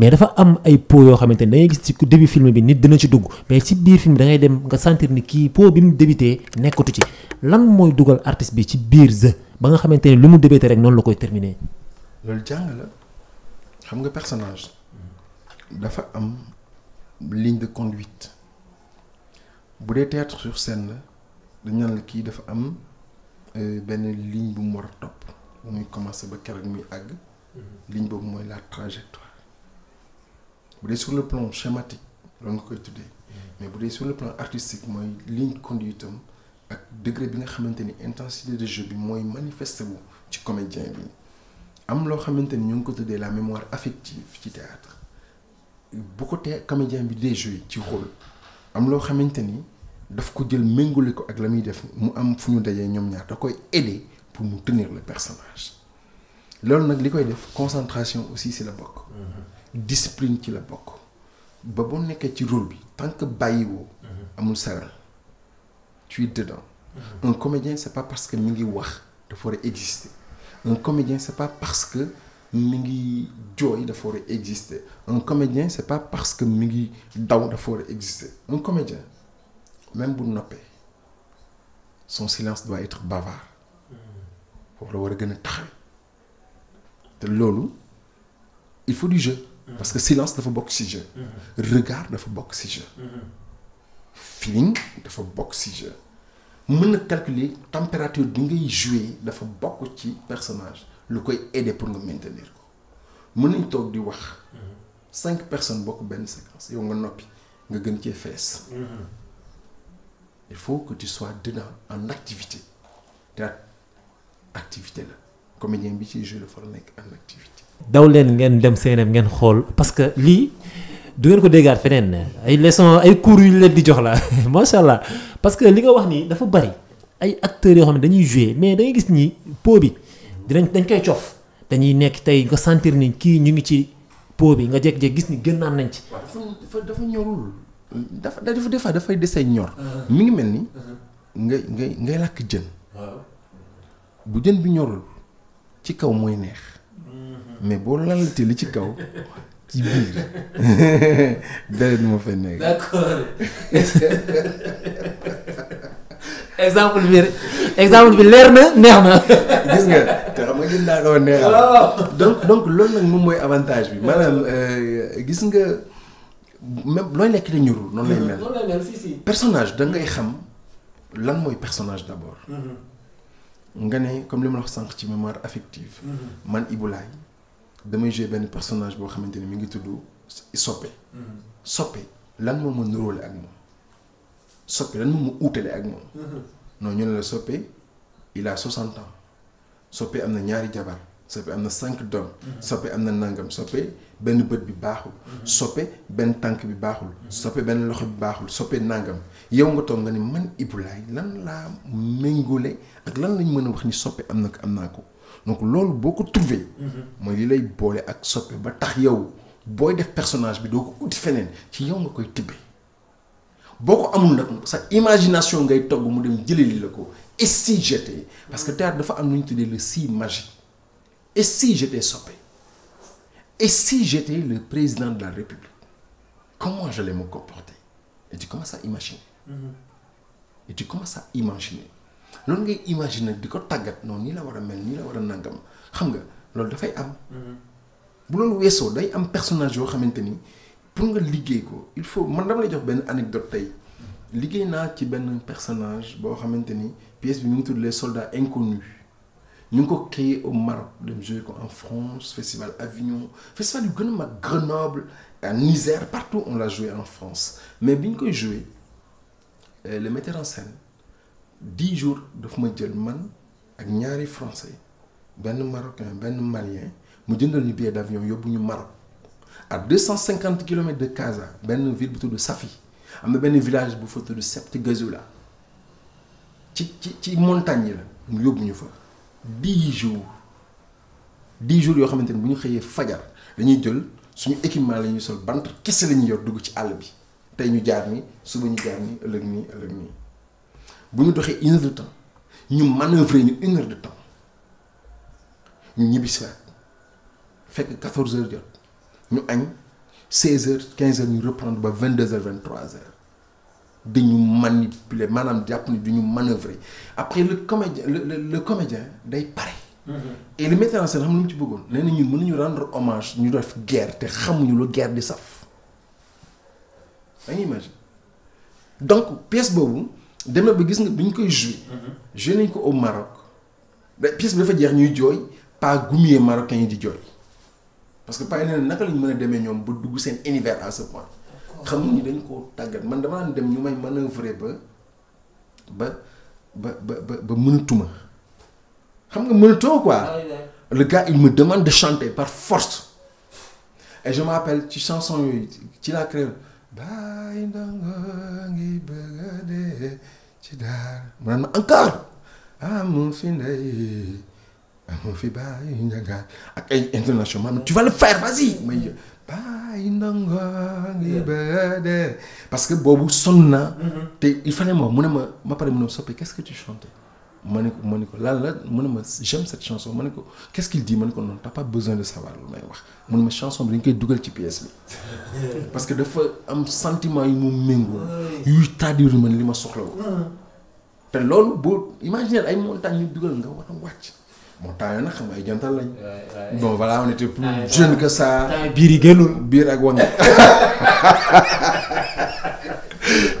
mais dafa am ay po yoo xamante ni da ngay gis ci début film bi nit dina ci dugg mais ci biir film bi da ngay dem nga sentir ni kii po bi mu débuté nekkatu ci lan mooy dugal artiste bi ci biir jeu ba nga xamante ni lu mu rek noonu la koy terminé. loolu jàng la xam nga personnage dafa am ligne de conduite bu dee théâtre sur scène la dañ naan la kii dafa am euh, benn ligne bu mu war a topp bu muy commencé ba keroog muy àgg mm-hmm. ligne boobu mooy la trajectoire. Vous êtes sur le plan schématique loolu nga koy tuddee mm. mais vous êtes sur le plan artistique mooy ligne conduite am ak degré bi nga xamante intensité de jeu bi mooy manifesté wu ci comédien bi am loo xamante ni ñu ko la mémoire affective ci théâtre bu ko comédiens comédien bi dee joué ci rôle am loo xamante ni daf ko jël méngale ak la mise def mu am fu ñu dajee ñoom ñaar da koy aider pour mu tenir le personnage loolu nag li def concentration aussi c'est la bokk mm-hmm discipline ci la bokk ba es dans ci rôle bi tant que bàyyiwoo mhm. amul saral tu es dedans mhm. un comédien c'est pas parce que mi ngi wax da exister un comédien c'est pas parce que mi ngi joy da exister un comédien c'est pas parce que mi ngi daw da exister un comédien même bu noppé son silence doit être bavard Pour le voir gëna gën Lolo, taxaw il faut du jeu Mm-hmm. parce que silence dafa bokk ci jeu. Mm-hmm. regard dafa bokk ci jeu. Mm-hmm. feeling dafa bokk ci jeu. mën a calculer température bi ngay jouer dafa bokk ci personnage lu koy aider pour nga maintenir ko mën nañ toog di wax. cinq personnes bokk benn séquence yow nga noppi nga gën cee fees. il faut que tu sois dedans en activité te activité la comédien bi ci jeu dafa nekk en activité daw leen dem ngeen parce que lii du ngeen ko déggaat feneen ay leçons ay cours yu di jox la allah parce que li nga wax ni dafa bari ay acteurs yoo xam ne dañuy jouer mais da gis ni po bi dañ dañuy nga sentir ni kii ñu ngi ci po bi nga gis ni nañ ci. dafa ñorul dafa des dafay ni. jën. bu jën bi ñorul ci mais bon là li ci kaw d'accord exemple bi exemple bi leer na nga te xam donc donc loolu nag moom avantage bi euh, nga même si personnage da ngay xam personnage d'abord. Mhm. nga comme li ma mémoire affective. Mhm. man damay joué benn personnage boo xamante mi ngi tudd soppe mhm. soppe lan moo ma ak moom soppe lan moo ma ak mhm. non ñu la il a 60 ans soppe am na ñaari jabar soppe cinq mhm. nangam soppe ben bët bi baaxul soppe benn tànk bi baaxul soppe benn loxo bi baaxul soppe nangam yow nga nga ni man lan ak lan lañ a wax ni donc lolu boko trouvé. Mhm. mooy li lay ak Sopé ba tax yow boy def personnage bi ko ci yow nga koy imagination et si j'étais parce que théâtre dafa am le si magique et si j'étais et si j'étais le président de la république comment j'allais me comporter et tu commences à imaginer. Mhm. et tu commences à imaginer loolu ngay imaginer di ko tàggat non nii la war a mel nii la war a nangam xam nga loolu dafay am. Mhm. bu loolu weesoo day am personnage yoo xamante ni pour nga liggéey ko il faut man dama lay jox benn anecdote tey liggéey naa ci benn personnage boo xamante ni pièce bi mu ngi tudd les soldats inconnus ñu ngi ko créé au Maroc dem jouer ko en France festival Avignon festival yu gën a mag Grenoble à Isère partout on l'a joué en France mais bi ñu koy joué euh, le metteur en scène. 10 jours daf ma jël man ak ñaari français benn marocain benn malien mu jëndal ñu billet d'avion yóbbu ñu Maroc à 250 km de Casa benn ville bu tudd Safi am na benn village bu fa tudd Sept Gazula ci ci ci montagne la mu yóbbu ñu fa 10 jours 10 jours yoo xamante ni bu ñu xëyee fajar dañuy jël suñu équipement la ñuy sol bant kese la ñuy yor dugg ci àll bi tey ñu jaar ni suba ñu jaar ni ëllëg nii ëllëg nii nous ñu doxee une heure de temps nous manoeuvrer une heure de temps ñu ñibbi si fekk 14 heures nous ñu 16 heures 15 heures nous reprenons ba 22 heures 23 heures Nous manipuler Madame Diap ni du après le comédien le comédien day mm-hmm. et le metteur en scène xam lu mu ci bëggoon nee na ñun mënuñu rendre hommage ñu def guerre te xamuñu lu guerre de saf da ngay imagine donc pièce dem na gis nga bi koy joué. Mhm. joué nañ ko au Maroc ba pièce bi dafa jeex ñuy jooy pas gumier marocain yi di jooy parce que pas nee na naka lañ mën a demee ñoom ba dugg seen univers à ce point. xam ni dañ koo tàggat man dama dem ñu may manœuvrer ba ba ba ba ba mënatuma xam nga mënatoo quoi. Ah le gars il me demande de chanter par force. et je me rappelle ci chanson yooyu ci laa créé. bàyyi ndongo ngi bëgg a dee ci daara mu naan ma encore amu fi ndey amu fi bàyyi njagaar ak ay international maanaam tu vas le faire vas-y may bàyyi ndongo ngi bëgg dee parce que boobu sonn na mhm. te il fallait ma mu ne ma ma pare mu ne ma soppi qu'est-ce que tu chantes Maniko, Maniko, là, ma la j'aime cette chanson Maniko, qu'est-ce qu'il dit Maniko? non t'as pas besoin de savoir lu may wax mu ma chanson bi dañ koy dugal ci pièce bi parce que des am sentiment yu mu méngoo yuy taadir man li ma soxla ko te loolu boo imaginer ay montagnes yu dugal nga war a wàcc bon temps yoo nag xam ay jantal lañ. bon voilà on était plus jeune que ça. biir yi ak wàññi.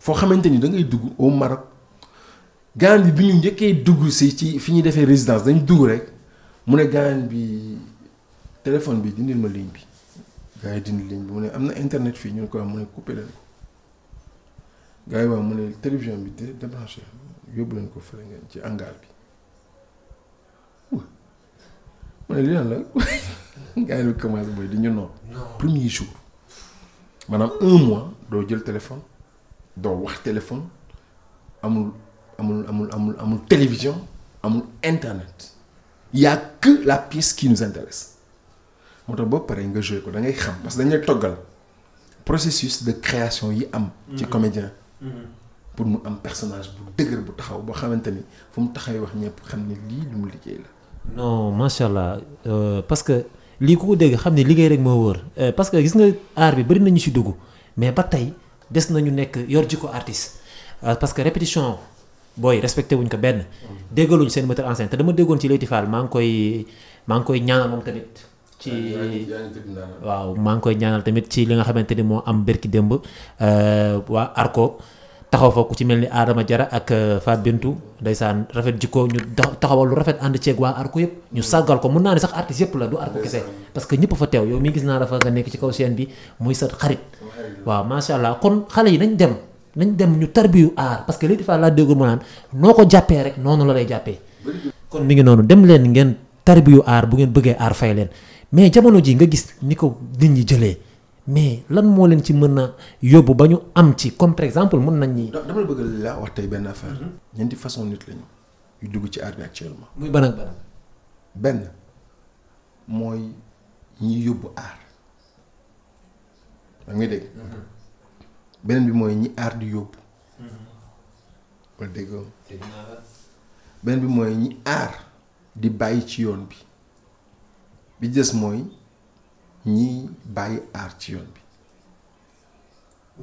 foo xamante ni da ngay dugg au Maroc Gambie bi ñu njëkkee dugg ci fi ñuy résidence dañ dugg rek mu ne bi téléphone bi ma ligne gars ligne bi mu internet mu coupé gars mu télévision bi débranché yóbbu leen ko fële ngeen ci hangar bi mu ne la commencé di premier jour un mois doo jël téléphone do wax téléphone amul amul amul amul amul télévision amul internet il y a que la pièce qui nous intéresse moo tax ba pare nga jouer ko da ngay xam parce que dañ lay togal processus de création yi am. ci mhm. comédien. Mhm. pour mu am personnage bu dëgër bu taxaw boo xamanteni ni fu mu taxawee wax ñëpp xam ne lii lu mu liggéey la. non macha allah euh, parce que li ko dégg xam ne liggéey rek moo wóor euh, parce que gis nga aar bi bari nañu ci dugg mais ba tey. des nañu nekk yor ko artiste euh, parce que répétition booy respecté wuñ ko benn déggaluñ seen metteur en te dama déggoon ci Leyti Fall maa ngi koy maa ngi koy ñaanal moom tamit ci ah, waaw maa ngi koy ñaanal tamit ci li nga xamante ni moo am bërki démb euh, waa Arco taxaw fa ku ci mel ni Adama Jara ak faa euh, Fat Bintou ndeysaan rafet jikko ñu taxawal lu rafet ànd ceeg waa arko yëpp ñu sargal ko mun naa ne sax artiste yëpp la du arko kese parce que ñëpp fa teew yow mii gis naa dafa nga nekk ci kaw scène bi muy sa xarit waaw macha allah kon xale yi nañ dem nañ dem ñu tarbiyu aar parce que léegi fa laa déggul mu naan noo ko jàppee rek noonu la lay jàppee kon mi ngi noonu dem leen ngeen tarbiyu aar bu ngeen bëggee aar leen mais jamono ji nga gis ni ko nit ñi jëlee mais lan moo leen ci mën na yóbbu ba ñu am ci comme par exemple mën nañ ñi dama la bëgg laa wax tey benn affaire ñeenti façon nit lañu yu dugg ci art bi muy ban ak ban. benn mooy ñi yóbbu art da ngay bi mooy ñi aar di yóbbu. Mm-hmm. wala dégg beneen bi mooy ñi art di bàyyi ci yoon bi bi des mooy. ñiy bàyyi aar ci yoon bi.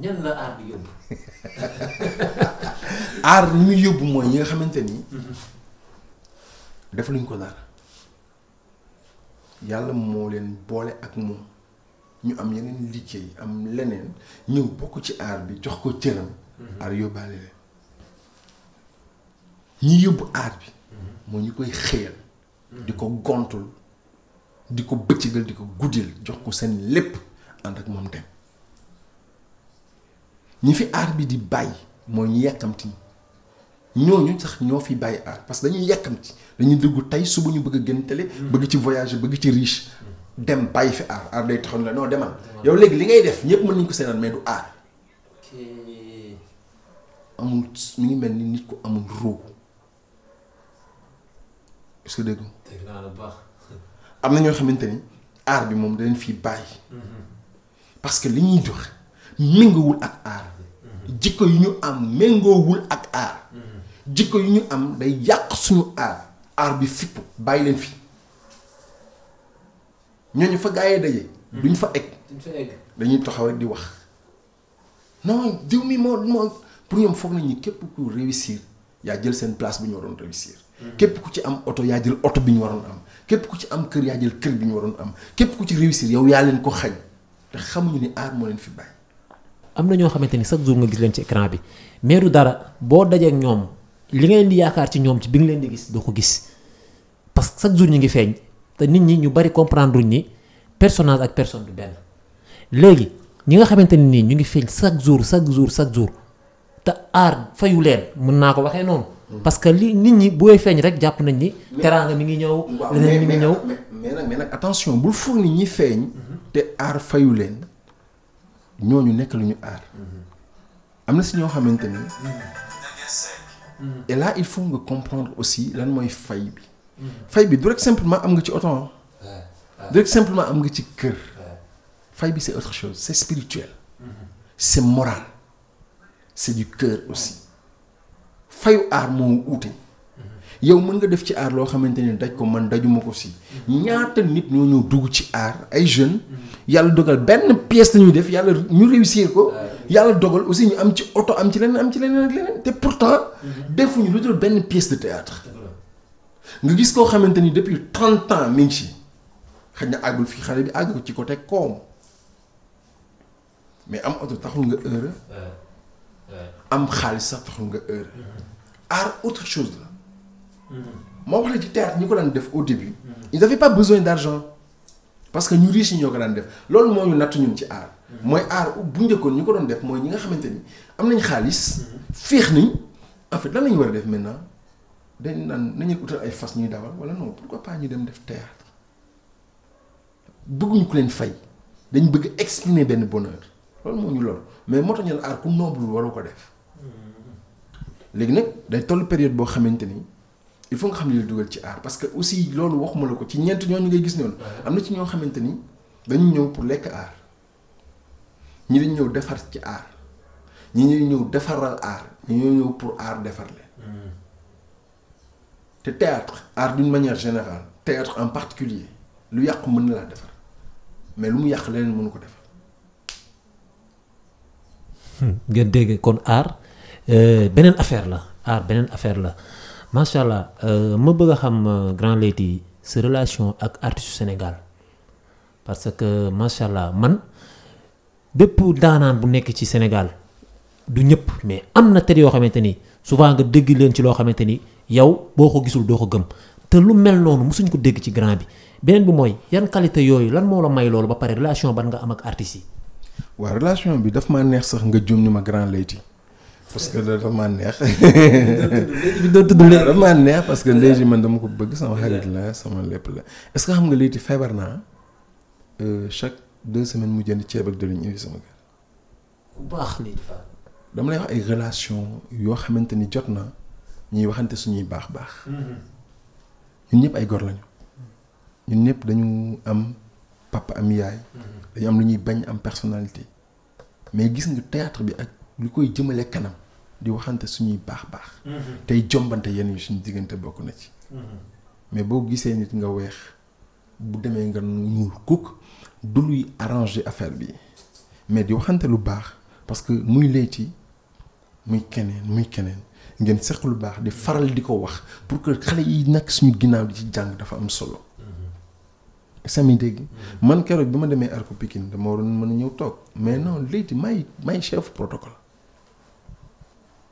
ñan la aar di yóbbu. aar ni muy yóbbu mooy ñi nga xamante ni. Mm-hmm. def luñ ko nar yàlla moo leen boole ak moom ñu am yeneen liggéey am leneen ñëw bokk ci aar bi jox ko cëram. Mm-hmm. aar yóbbaale leen ñi yóbbu aar bi. Mm-hmm. moo ñu koy xëyal. di ko gontul. di ko bëccëgal di ko guddil jox ko seen lépp ànd ak moom dem ñi fi aar bi di bàyyi mooy ñu yàkkamti ñu sax ñoo fi bàyyi aar parce que dañuy yàkkamti dañuy dugg tey suba ñu bëgg a gën télé hmm. bëgg ci voyage bëgg ci riche hmm. dem bàyyi fi aar aar day taxaw ni la demal yow léegi li ngay def ñëpp mën nañu ko seenaan mais du aar amul mi ngi mel ni nit ko amul roo est-ce que baax. am na ñoo xamante ni aar bi moom da leen fii bàyyi parce que li ñuy jox méngoowul ak aar jikko yu ñu am méngoowul ak jikko yu ñu am day yàq suñu aar aar bi fipp bàyyi leen fi ñooñu fa gaa yi daje. duñ fa egg. dañuy taxaw di wax non diw mi moo moo pour ñoom foog nañu képp ku réussir yaa jël seen place bu ñu waroon réussir. Mm-hmm. képp ku ci am oto yaa jël oto bi ñu waroon am. képp ku ci am kër yaa jël kër bi ñu waroon am képp ku ci réussir yow yaa leen ko xañ te xamuñu ni aar moo leen fi bàyyi. am na ñoo xamante ni chaque jour nga gis leen ci écran bi mais du dara boo dajee ñoom li ngeen di yaakaar ci ñoom ci bi nga leen di gis doo ko gis parce que chaque jour ñu ngi feeñ te nit ñi ñu bari comprendre ni personnage ak personne du benn léegi ñi nga xamante ni nii ñu ngi feeñ chaque jour chaque jour chaque jour te aar fayu leen mën naa ko waxee noonu. parce que li nit ñi booy feñ rek japp nañ ni. teraanga mi ngi ñëw. leneen mi ngi ñëw mais nak mais nak attention bul fu nit ñi feñ mhm. té ar fayu leen ñoñu nekk lu ar amna mhm. am si ñoo xamanteni mhm. et là il faut nga comprendre aussi lan moy fay bi. fay bi du rek simplement am nga ci auto du rek simplement am nga ci kër. fay bi c'est autre chose c'est spirituel. c'est moral. c'est du cœur aussi. fayu aar moo uute yow mën nga def ci aar loo xamante ni daj ko man dajuma ko si ñaata nit ñoo ñëw dugg ci aar ay jeunes yàlla dogal benn pièce la def yàlla ñu réussir ko yàlla dogal aussi ñu am ci oto am ci leneen am ci leneen ak leneen lu dul benn pièce de théâtre gis koo xamante ni depuis trente ans mi ngi ci xaj na àggul fii xale bi àggul ci côté koom mais am oto taxul nga heure am xaalis sax taxul nga heure art autre chose hmm. Moi nous au début. ils n'avaient pas besoin d'argent parce que nous riches ñi ñoo def est art. Hmm. Moi, art bu njëkkoon un ko des def ñi nga en fait là maintenant dañ des ay non pourquoi pas ñu théâtre bëgguñu ko leen fay dañ bëgg exprimer bonheur mais moo art ku noble léegi nag day toll période il faut nga xam li ci parce que aussi loolu waxuma ngay ci pour lekk aar ñi dañu ñëw defar ci aar ñi ñëw pour le hmm. théâtre art d'une manière générale théâtre en particulier lu mën na laa mais lu mu yàq mënu ko art euh, benen affaire la ah benen affaire la machallah euh ma bëgg xam euh, Grand Lady ce relation ak artiste Sénégal parce que machallah man depuis daanaan bu nekk ci Sénégal du ñëpp mais amna na yo xamanteni souvent nga dégg leen ci lo xamanteni yow boo ko gisul doo ko gëm te lu mel noonu mosuñ ko dégg ci grand bi beneen bi mooy yan qualité yooyu lan moo la may loolu ba pare relation ban nga am ak artiste yi. Wa relation bi daf ma neex sax nga jum ni ma Grand Lady. parce que loolu dafa neex. doo tudd léegi dafa neex que léegi man dama ko bëgg sama xarit sama lépp la est-ce que xam nga feebar naa euh, chaque deux semaines mu jënd ceeb ak dëriñ indi sama baax léegi fa. lay wax ay relation yoo xamante ni jot na ñuy waxante suñuy baax baax. Mm-hmm. ñun ñëpp ay gor lañu. ñun ñëpp dañu am papa am yaay. Mm-hmm. dañu am lu ñuy bañ am personnalité. mais gis nga théâtre bi ak. ñu koy jëmale kanam di waxante suñuy baax baax. Mhm. tey jombante yenn yi suñu diggante bokk na ci. Mhm. mais boo gisee nit nga weex bu demee nga ñuul kukk du luy arranger affaire bi mais di waxante lu baax parce que muy leeti muy keneen muy keneen ngeen seq lu baax di faral di ko wax pour que xale yi nag suñu ginnaaw di ci jàng dafa am solo. Mhm. sami dégg man keroog bi ma demee Arco Pikine dama waroon mën a ñëw toog mais non léegi may may chef protocole.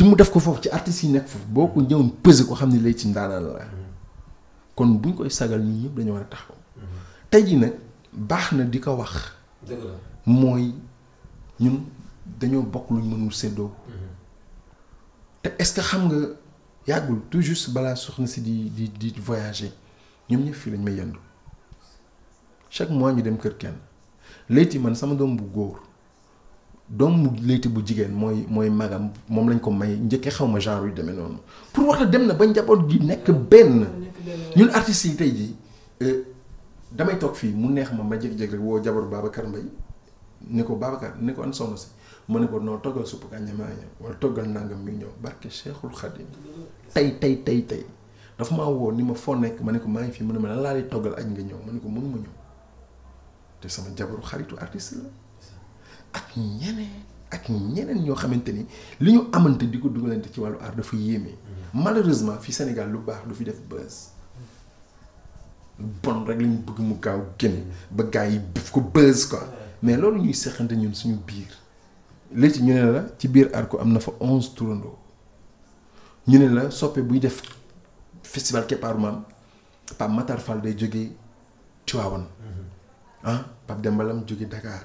ci mu def ko foofu ci artiste yi nekk foofu boo ko ñëwoon ko xam ne lay ci ndaanaan la kon buñ koy sagal ñun ñëpp dañu war a taxaw tey jii nag baax na di ko wax. mooy ñun dañoo bokk luñ mënul séddoo. Mm-hmm. te est-ce que xam nga yàggul tout juste balaa soxna si di di di voyager ñoom ñëpp fii lañ may yendu chaque mois ñu dem kër kenn léegi man sama doom bu góor. doomu léyti bu jigéen mooy mooy magam moom lañ ko may njëkkee xaw ma genre yu demee noonu pour wax la dem na ba njaboot gi nekk benn ñun artistes yi tey jii euh, damay toog fii mu neex ma ma jékki-jékki rek woo jabaru Babacar mbay ne ko Babacar ne ko an soxna si ma ne ko noo toggal supp kànja maa ñëw wala toggal nangam mi ñëw barke Cheikhul Khadim tey tey tey tey dafa maa woo ni ma foo nekk ma ne ko maa ngi fii mu ne ma lan laa lay toggal añ nga ñëw ma ne ko mënuma ñëw te sama jabaru xaritu artiste ak ñeneen ak ñeneen ñoo xamante ni li ñu amante di ko dugalante ci wàllu art dafa yéeme malheureusement fi Sénégal lu baax du fi def buzz bon rek lañu bëgg mu gaaw génn ba gars ko mais loolu ñuy sexante ñun suñu biir léegi ñu ne la ci biir Arco am na fa onze turandoo ñu ne la soppe buy def festival Keppaaru Maam Pape Matar Fall day jógee Tivaouane mhm. ah Pape jóge Dakar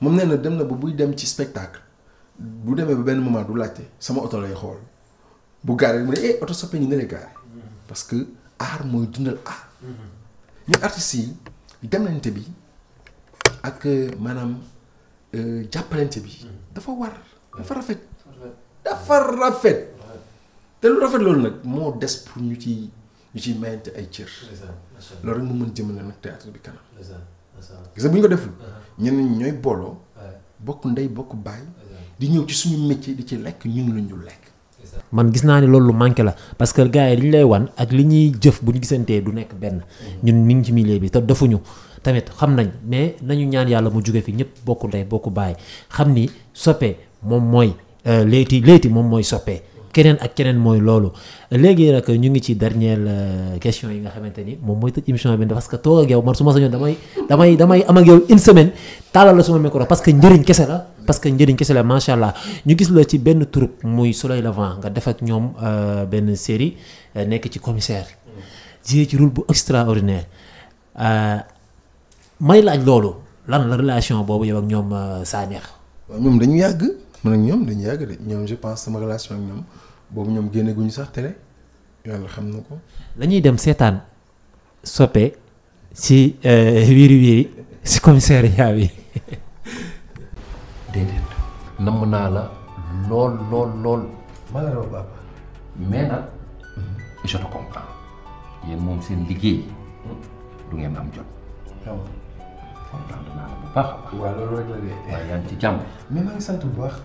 moom nee na dem na ba buy dem ci spectacle bu demee ba benn moment du laajte sama oto lay xool bu gaaree mu ne eh oto ñu nga lay gaaree parce que aar mooy dundal aar ñun artistes yi demlante bi ak euh, maanaam euh, jàppalante bi dafa war dafa rafet dafa rafet te lu rafet loolu nag moo des pour ñu ci ñu ci mayante ay cër loolu rek mu mën jëmale nag théâtre bi kanam gis bu ñu ko deful uh-huh. ñeneen ñi ñooy booloo bokk ndey bokk baay di ñëw ci suñu métier di ci lekk ñun lu dul lekk. man gis naa ne loolu lu manqué la parce que gars yi li ñu lay wan ak li ñuy jëf bu ñu gisantee du nekk benn mm-hmm. ñun mi ngi ci milieu bi te defuñu tamit xam nañ mais nañu ñaan yàlla mu jóge fii ñëpp bokk ndey bokk baay xam ni soppe moom mooy euh, léeti léeti moom mooy soppee keneen ak keneen mooy loolu léegi nag ñu ngi ci dernière euh, question yi nga xamante ni moom mooy tëj émission bi parce que toog ak yow man am ak yow semaine taalal la suma micro parce que njëriñ kese la parce que njëriñ kese la ñu gis la ci benn troupe muy Soleil Levant nga def ak ñoom euh, benn série euh, nekk ci commissaire jiyee ci rôle bu extraordinaire may laaj loolu lan relation boobu yow ak ñoom Sanekh. waaw ñoom dañu yàgg man ak ñoom dañu yàgg de ñoom je pense sama relation ak ñoom. boobu ñoom génne ñu sax télé yàlla xam na ko. lañuy dem seetaan soppe ci euh, wiiri wiiri ci commissariat bi. déedéet namm naa la lool lool lool. maa la raw papa. mais nag je te moom seen liggéey du ngeen am jot. waaw ah comprendre naa bu baax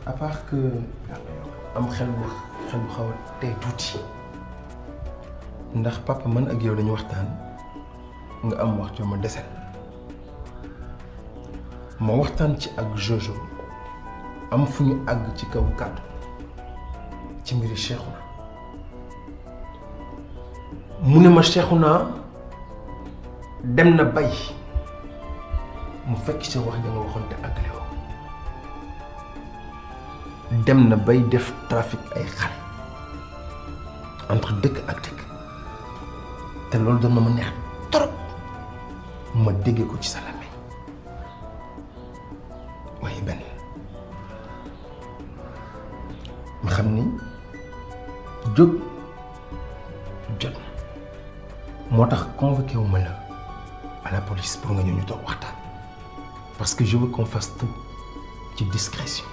a baax. am xel bu xel xaw tey tuuti ndax papa man ak yow dañu waxtaan nga am wax joo ma desel ma waxtaan ci ak Jojo am fu ñu àgg ci kaw kàddu ci mbiri Cheikhouna mu ne ma Cheikhouna dem na bay mu fekk sa wax ja nga waxoon te àggale dem na bay def trafic ay xale entre dëkk ak dëkk te loolu doon na ma neex trop ma déggee ko ci salamé làmmiñ waaye benn ma xam ni jóg jot na moo tax convoqué wu ma la à la police pour nga ñëw ñu toog waxtaan parce que je veux qu'on fasse tout ci discrétion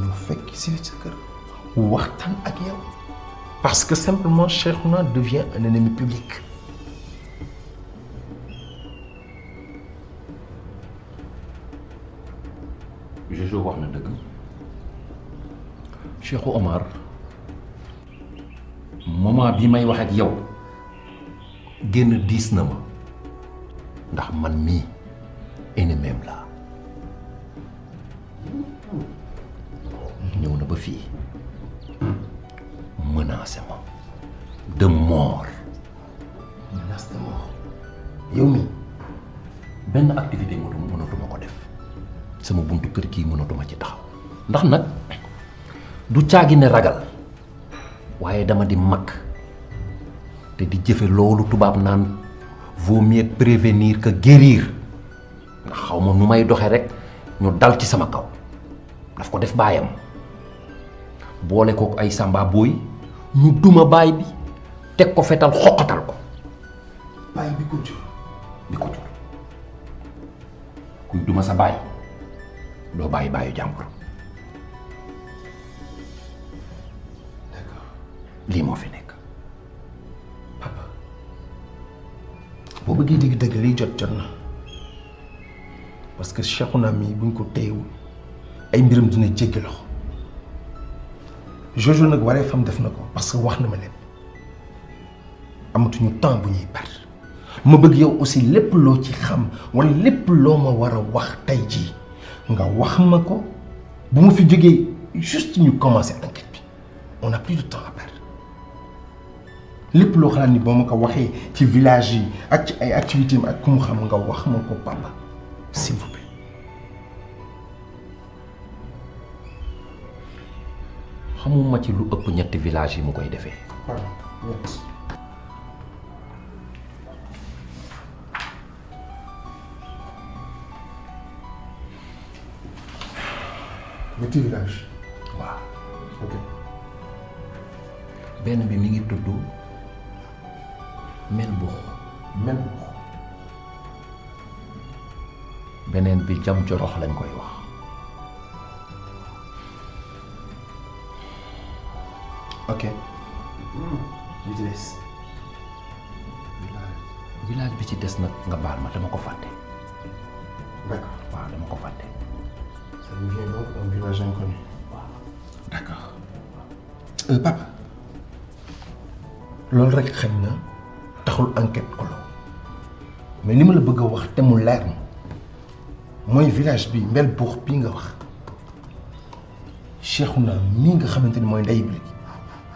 ñu fekk si sa kër ak parce que simplement Cheikhouna devient un ennemi public Je wax na dëgg Cheikh Omar moment bi may wax ak yow génn diis ndax man mii ennemi ñëw na ba fi menacé ma de mort menace de mort yow mi ben activité mo mënatuma ko def sama buntu kër gii mënatuma ci taxaw ndax nak du tiagi ne ragal waaye dama di mak te di jëfé loolu tubab nan vaut mieux prévenir que guérir xawma numay doxé rek ñu dal ci sama kaw daf ko def bayam boole kook ay samba booy ñu duma baay bi teg ko fetal xoqatal ko baay bi ko jur bi ko duma sa baay doo bàyyi baayu jàmbur lii moo fi nekk boo bëggee dégg dëgg liy jot jot na parce que Cheikhouna mi buñ ko téyewul ay mbiram dina jéggi loxo Jojo ne waré fam def nako parce que waxna na temps bu ñuy perdre ma bëgg yow aussi les lo ci xam wala lepp lo ma wara wax nga wax ma bu fi juste ñu commencer enquête bi on n'a plus de temps à perdre Les lo xalaani bo ma ci village activités ak s'il vous plaît xamuma ci lu ëpp ñetti village yi mu koy defee. benn bi mi ngi tudd Melbourg. Melbourg. beneen bi Jam Jorox lañ koy wax. ok hmm. village bi ci des nag nga baal ma dama ko fàtte. d'accord euh, papa loolu rek xam na taxul enquête ko la mais ma la bëgg a wax te mu leer ma mooy village bi Mbelbourg bii nga wax Cheikhouna mii nga xamante ni mooy ndey bi.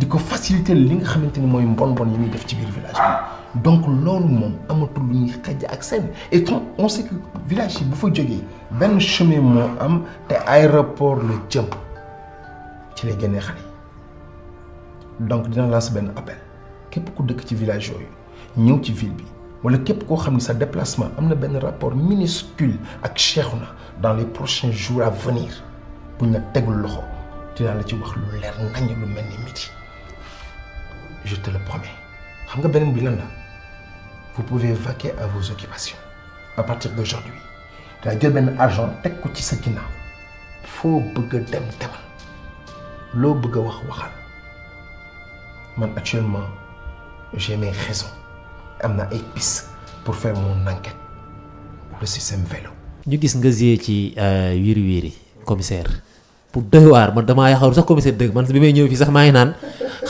diko faciliter li nga xamanteni moy mooy mbon yi def ci biir village bi donc loolu moom amatul lu ñuy xajj ak seen et on sait que village yi bu fa jógee benn chemin moo am te aéroport le jëm ci lay génnee xale yi donc dina lancer benn appel képp ku dëkk ci village yooyu ñëw ci ville bi wala képp koo xam ni sa déplacement am na benn rapport minuscule ak Cheikhouna dans les prochains jours à venir pour la tegul loxo dinaa la ci wax lu leer nañ lu mel ni midi je te le promets xam nga beneen bi lan la vous pouvez vaquer à vos occupations à partir d'aujourd'hui daa jël benn argent teg ko ci sa ginnaaw foo bëgg dem demal loo bëgg a wax waxal man actuellement j'ai mes raisons am na ay pour faire mon enquête le système vélo. ñu gis nga gisee ci Wiri euh, Wiri commissaire pour doy waar man ya yaakaaru sax commissaire dëgg man bi may ñëw fii sax maa ngi naan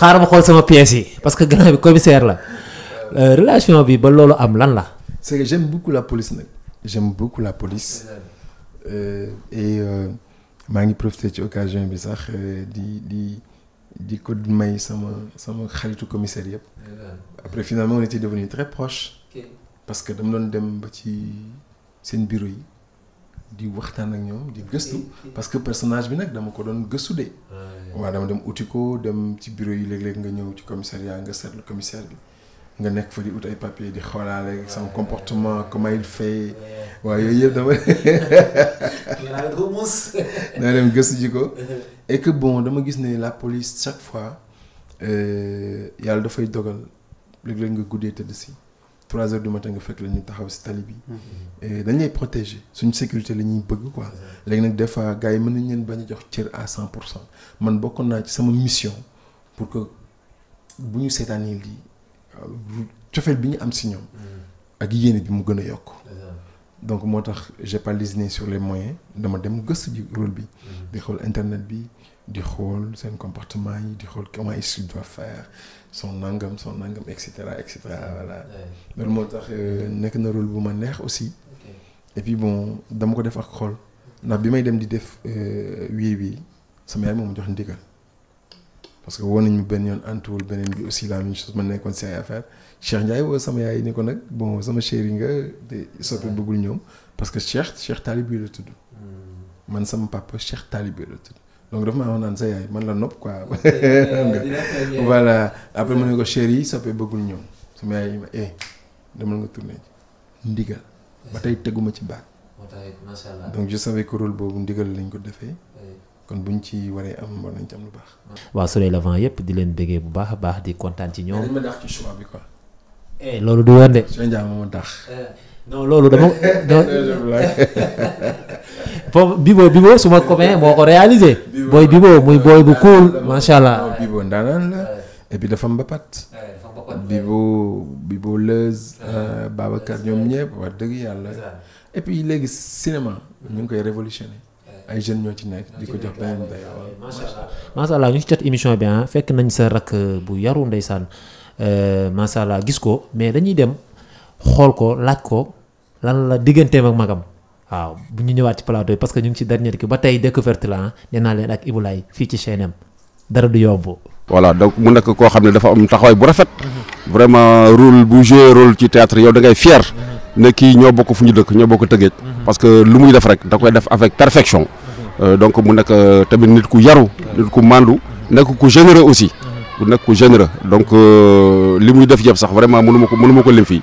xaaral ma xool sama pièce yi parce que grand bi commissaire la euh, relation bi ba loolu am lan la. c'est que j'aime beaucoup la police nag. j'aime beaucoup la police. Euh, et euh, maa ngi profité ci occasion bi sax euh, di di di ko may sama sama xaritu commissaire yëpp. après finalement on était devenus très proches. parce que dama doon dem ba ci seen bureau yi. di waxtaan ak ñoom di gëstu parce que personnage bi nag dama ko doon gëstu de dama dem uti ko dem ci bureau yi léeg-léeg nga ñëw ci commissariat nga seetlu commissaire bi nga nekk fa di ut ay papier di xoolaale son comportement comment il fait waaw yooyu yëpp dama dama dem gëstu ji ko et que bon dama gis ne la police chaque fois euh, yàlla dafay dogal léeg-léeg nga guddee tëdd si 3 heures du matin nga fekk la ñu taxaw si tali bi. Mhm. et dañ lay protéger sécurité la ñuy bëgg quoi. léegi nag des fois gars yi mën leen bañ jox à 100 Moi, cent man bokkoon ci sama mission pour que bu cette année lii tu euh, bi ñu am si ñoom. Mhm. ak yéene bi mu gën donc motax j'ai pas lésiné sur les moyens dama dem gëstu ji rôle bi. Mhm. di xol internet bi di xol sen comportement yi di xol comment ils doivent faire son nangam son nangam etc. etc. et cetera voilà. loolu moo tax euh, nekk na rôle bu ma aussi. et puis bon dama ko def ak xol ndax bi may dem di def wi euh, wi sama yaay moom jox ndigal parce que woon nañ mu benn yoon antuwul beneen bi aussi la même chose ma nekkoon si ay affaire Cheikh Ndiaye woo sama yaay ni ko nag bon sama chéri nga de soppi bëggul ñëw parce que Cheikh Cheikh talib yi la tudd hmm. man sama papa Cheikh talib yi la tudd. donc dafa may sa yaay man la nopp quoi. Euh, voilà après mu ne ko yi soppee bëggul ñëw sama yi ma eh demal nga tourné ji ndigal teguma ci baat. macha allah donc je savais que rôle boobu ndigal lañ ko defee. kon buñ ci waree am war nañ ci lu baax. waa Soleil Levant yëpp di leen bëggee bu baax a baax di kontaan ci ñoom. dañ ma bi quoi. Eh, loolu du woon de. non loolu dama non boobu Bibo Bibo suma copain moo ko réalisé. booy Bibo muy booy bu cool macha allah. Bibo ndaanaan la et puis dafa mbapat. ñoom ñëpp wax dëgg yàlla. et ñu ngi koy révolutionné. ay jeunes ñoo ci nekk di ko jox beneen émission bi ah. fekk nañ sa rakk bu yaru ndeysaan euh, macha allah gis ko mais dañuy dem. xol ko laaj ko lan la digganteem ak magam waaw bu ñu ñëwaat ci plateau parce que ñu ngi ci dernière ki ba tey découverte la nee naa leen ak ibulay fii ci chaînem dara du yomb voilà donc mu nekk koo xam ne dafa am taxawaay bu rafet vraiment rôle bu joué rôle ci théâtre yow da ngay fier ne kii ñoo bokk fu ñu dëkk ñoo bokk tëggeej parce que lu muy def rek da koy def avec perfection euh, donc mu nekk euh, tamit nit ku yaru nit ku mandu nekk ku généreux aussi ku nekk ku généreux donc euh, li muy def yëpp sax vraiment mënu ma ko mënu ma ko lim fii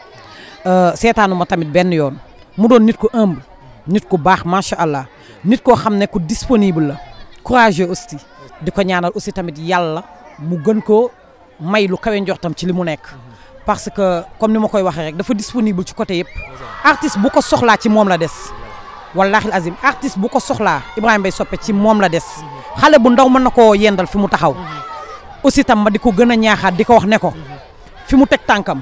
Euh, seetaanu ma tamit benn yoon mu doon nit ku humble nit ku baax macha allah nit koo xam ne ko disponible la courageux aussi di ko ñaanal aussi tamit yàlla mu gën koo may lu kawe njortam ci li mu nekk. parce que comme ni ma koy waxee rek dafa disponible ci côté yëpp. artiste bu ko soxlaa ci moom la des. wallaahi azim artiste bu ko soxlaa Ibrahima Mbaye soppe ci moom la des. xale bu ndaw mën na koo yendal fi mu taxaw. aussi tam ma di ko gën a ñaaxaat di ko wax ne ko. fi teg tànkam.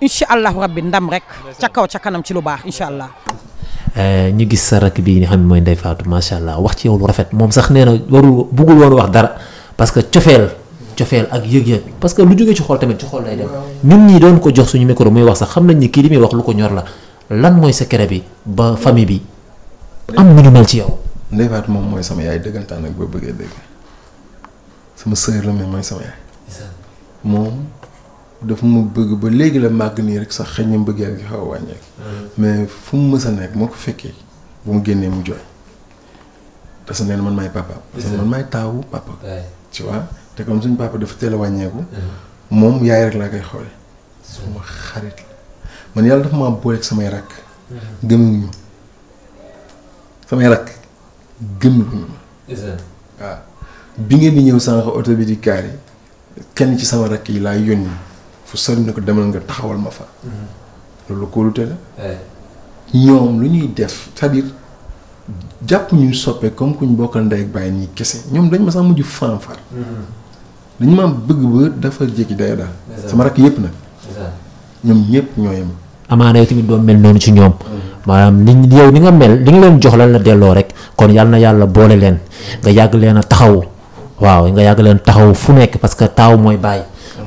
incha allah bi ndam rek ca kaw ca kanam ci lu baax incha allah. Eh, ñu gis sa rakk bii nga xam ne mooy Ndeye Fatou macha allah wax ci yow lu rafet moom sax nee na warul bëggul woon wax dara parce que cofeel cofeel ak yëg-yëg parce que lu jógee ci xol tamit ci xol lay dem ñun ñi doon ko jox suñu micro muy wax sax xam nañ ni kii li muy wax lu ko ñor la lan mooy secret bi ba famille bi am nu ñu mel ci yow. Ndeye moom mooy sama yaay dëggantaan ak boo bëggee la mais mooy sama dafa ma bëgg ba léegi la màgg nii rek sax xëy bëgg mbëggeel gi xaw a wàññeeku. Mm-hmm. mais fu mu mës a nekk moo ko fekkee bu mu génnee mu jooy. parce que nee man maay papa. parce que mm-hmm. man maay taawu papa. tu vois te comme suñu papa dafa teela wàññeeku. Mm-hmm. moom yaay rek laa koy xoolee. suma xarit la man yàlla dafa maa booleeg samay rakk. gëmuñu ma samay rakk gëmuñu ma. bi ngeen di ñëw sànq oto bi di kaar kenn ci sama rakk yi laay yónni. fu sori na ko demal nga taxawal ma fa. Mm-hmm. loolu kóolute la. Eh. ñoom lu ñuy def cest à jàpp ñu soppe comme kuñ bokkal ndey ak bàyyi nii kese ñoom dañ ma sax mujj fanfar. Mm-hmm. dañu ma bëgg ba dafa jékki day daal. sama rakk yëpp nag. ñoom ñëpp ñoo yem. amaana yow tamit doo mel noonu ci ñoom. Mm-hmm. maanaam ni yow ni nga mel li nga leen jox lan la delloo rek kon yal na yàlla boole leen nga yàgg leen a taxaw waaw nga yàgg leen taxaw fu nekk parce que taaw mooy bàyyi.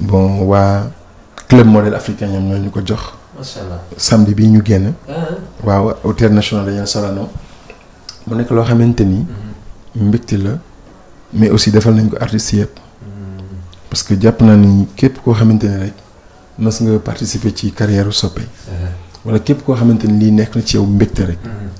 bon waa club modèle africain ñoom ñoo ñu ko jox. macha allah samedi bii ñu génn. Ah, ah. waaw hôtel national Daniel Sorano mu nekk loo xamante ni. Mm-hmm. mbégte la mais aussi defal nañ ko artistes yëpp. Mm-hmm. parce que jàpp na ni képp koo xamante ni rek mas nga participer ci carrière Sopé. Ah. wala képp koo xamante ni lii nekk na ci yow mbégte rek. Mm-hmm.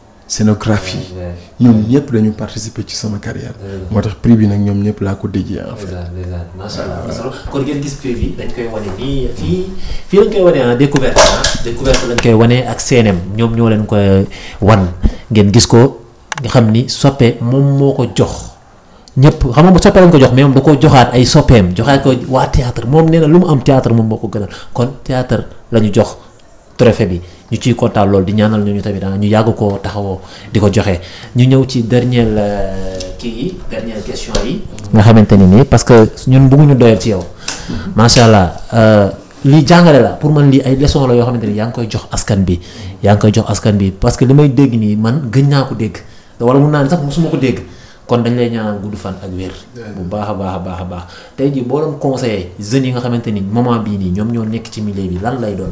scénographie ñoom ñëpp dañu participer ci sama carrière moo tax prix bi nag ñoom ñëpp laa ko déjee en fait kon ngeen gis prix bi dañ koy wane nii fii fii lañ koy wane ah découverte ah. découverte lañ koy ak CNM ñoo leen koy wan ngeen gis ko nga xam ni soppe moom jox ñëpp xam nga soppe lañ ko jox mais da joxaat ay joxaat ko théâtre lu mu am théâtre mom moo gënal kon théâtre la jox trophée bi ñu ciy kontaan loolu di ñaanal ñu tamit ah ñu yàgg ko taxawoo di ko joxe ñu ñëw ci dernier euh, kii yi dernière question yi. nga xamante ni nii parce que ñun bëgguñu doyal ci yow. macha allah euh, lii jàngale la pour man lii ay leçon la yoo xamante ni yaa ngi koy jox askan bi yaa ngi koy jox askan bi parce que li may dégg nii man gën naa ko dégg wala mun naa ne sax musuma ko dégg. kon dañ lay ñaanal gudd fan ak wér. bu baax a baax a baax a baax tey jii boo doon conseillé yi nga xamante ni moment bii nii ñoom ñoo nekk ci milieu bi lan lay doon.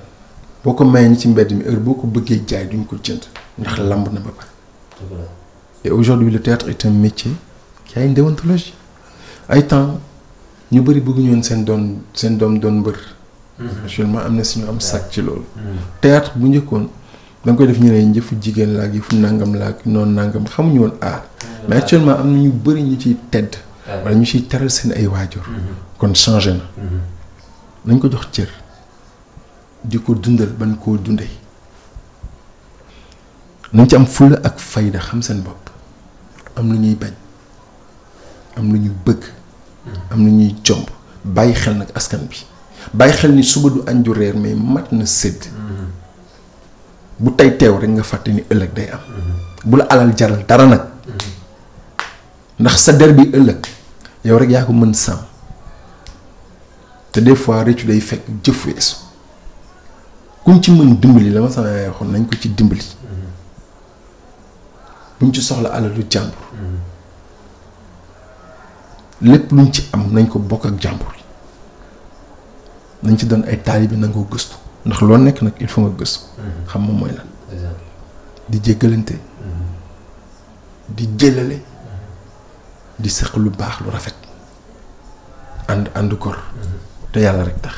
boo ko ci mbedd mi heure boo ko bëggee jaay duñ ko jënd ndax lamb na ba pare. et aujourd'hui le théâtre est un métier qui a une déontologie ay tan ñu bëri bëgguñu ñu seen doon seen doom doon mbeur mhm. actuellement amna suñu am sac ci lool mhm. théâtre bu njëkkoon da nga koy def ñu ne njëfu jigéen laa ak yëfu nangam la ak noonu nangam ñu won aar. mais actuellement amna ñu bëri ñu ci tedd. wala ñu ci teral seen ay waajur. Mhm. kon changé na. nañ ko jox cër. di ko dundal ban ko dundé nañ ci am ak fayda xam sen bop am lu ñuy bañ am lu ñuy bëgg am lu ñuy jomb bàyyi xel nak askan bi bayi xel ni suba du anju reer mais mat na sedd bu tay tew rek nga fàtte ni ëlëk day am bu la alal jaral dara nak ndax sa der bi ëllëg yow rek ya ko mën sam te des fois rëccu day fekk jëf kuñ ci mën dimbali la ma sama yaay waxoon nañ ko ci dimbali buñ ci soxla alalu jàmbur lépp luñ ci am nañ ko bokk ak jàmbur nañ ci doon ay taalibe nangoo gëstu ndax loo nekk nag il faut nga gëstu mhm. xam moom mooy lan di jéggalante mhm. di jëlale di sëq lu baax lu rafet ànd ànd gor mhm. te yàlla rek tax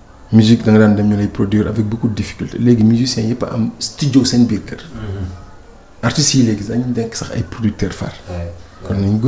musique da nga dem produire avec beaucoup de difficulté léegi musiciens yëpp am studio seen biir kër. Mm-hmm. artistes yi légui dañ nekk sax ay producteurs far. kon ñu nañ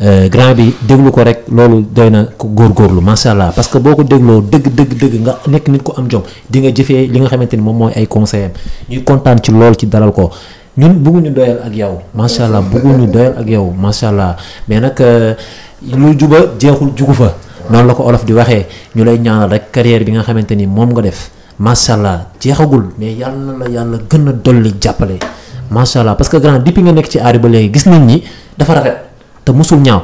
euh grand bi déglu ko rek loolu doy na ko góorgóorlu macha allah parce que boko ko deug deug deug nga nek nit ko am jom di nga jëfé li nga xamanteni mom moy ay conseils ñu ñuy ci lool ci dalal ko ñun bëggu ñu doyal ak yow. macha allah ñu doyal ak yow macha allah mais nak euh, lu juba jeexul jugu fa. non la ko olof di waxe ñu lay ñaanal rek carrière bi nga xamanteni mom nga def macha allah jeexagul mais yalla la yalla gëna dolli jàppale macha allah parce que grand depuis nga nek ci aari ba léegi gis nit ni dafa rafet te musul ñaaw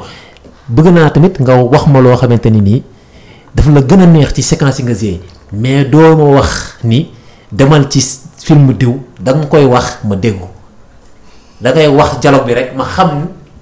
bëgg na tamit nga wax ma lo xamanteni ni dafa la gëna neex ci séquence nga mais doo ma wax ni demal ci film diw da nga koy wax ma déggu da ngay wax dialogue bi rek ma xam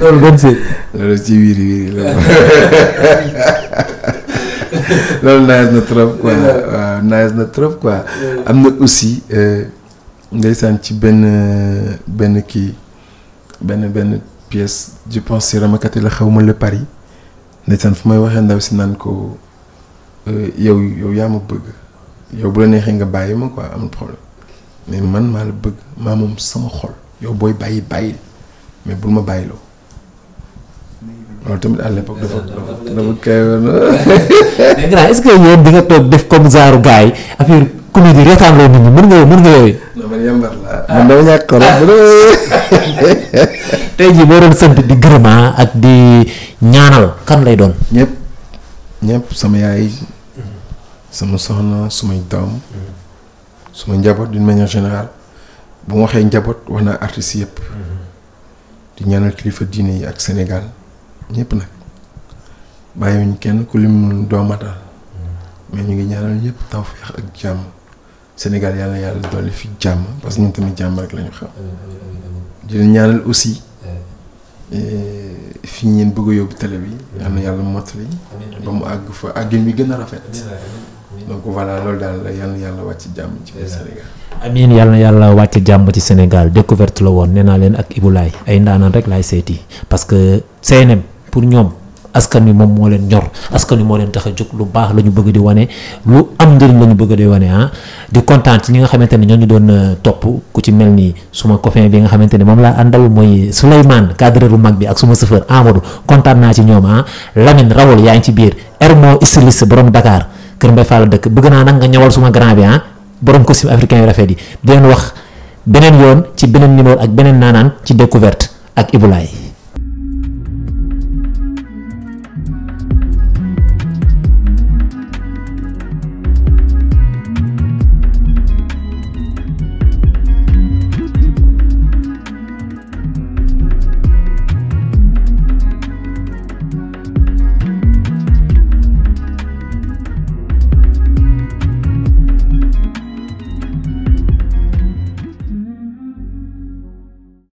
loolu gën si. loolu ci loolu nice na trop quoi nice na trop quoi am na aussi euh, ndeysaan ci benn benn kii benn benn pièce je pense si ramakati la xaw ma le Paris ndeysaan fu may waxee ndaw si naan ko euh, yow yow yaa ma bëgg yow bu la neexee nga bàyyi ma quoi amul problème mais man maa la bëgg maa moom sama xol yow booy bàyyi bàyyi. mais bul ma bàyyi loolu tamit à l'époque dafa kay est-ce que yéen toog def comme genre gars yi affaire comédie reetaan loo nit ñi mën nga yow mën nga yooyu. non ah. ah. ah ak di kan lay doon. ñëpp sama yaay. Mm. sama soxna sumay doom. Mm. njaboot d'une manière générale bu waxee njaboot wax naa artistes yëpp. Mm. di ñaanal kilifa diine yi ak Sénégal ñëpp nag bàyyiwuñ kenn ku lim doomatal mais ñu ngi ñaanal ñëpp tawfeex ak jàmm Sénégal yàlla yàlla dolli fi jàmm parce que ñu tamit jàmm rek la ñu xam. di ñaanal aussi eh, fi ñeen bëgg a yóbbu télé bi. yàlla na yàlla mottali ba mu àgg fa àggin bi gën a rafet. donc voilà yalla daal yàlla yàlla Senegal. jàmm ci Sénégal. amiin ci découverte la won nee len ak ibulay ay ndaanaan rek lay seti parce que CNM pour ñom askan ni mom mo len ñor askan ni mo len tax juk lu baax lañu bëgg di wane lu am njëriñ lañu bëgg di wane ah di kontaan ci ñi nga xamanteni ñoo ñu doon euh, top ku ci melni ni suma copain bi nga xamanteni mom la andal moy mooy cadre bu mag bi ak suma chauffeur Amadou kontaan na ci ñom ah Lamine rawol yaangi ci biir Hermo Isilis borom Dakar. Kër Mbay Fall dëkk bëgg naa nag nga ñëwal suma grand bi ah borom costume africain yu rafet yi di leen wax beneen yoon ci beneen numéro ak beneen naanaan ci découverte ak Ibou Laye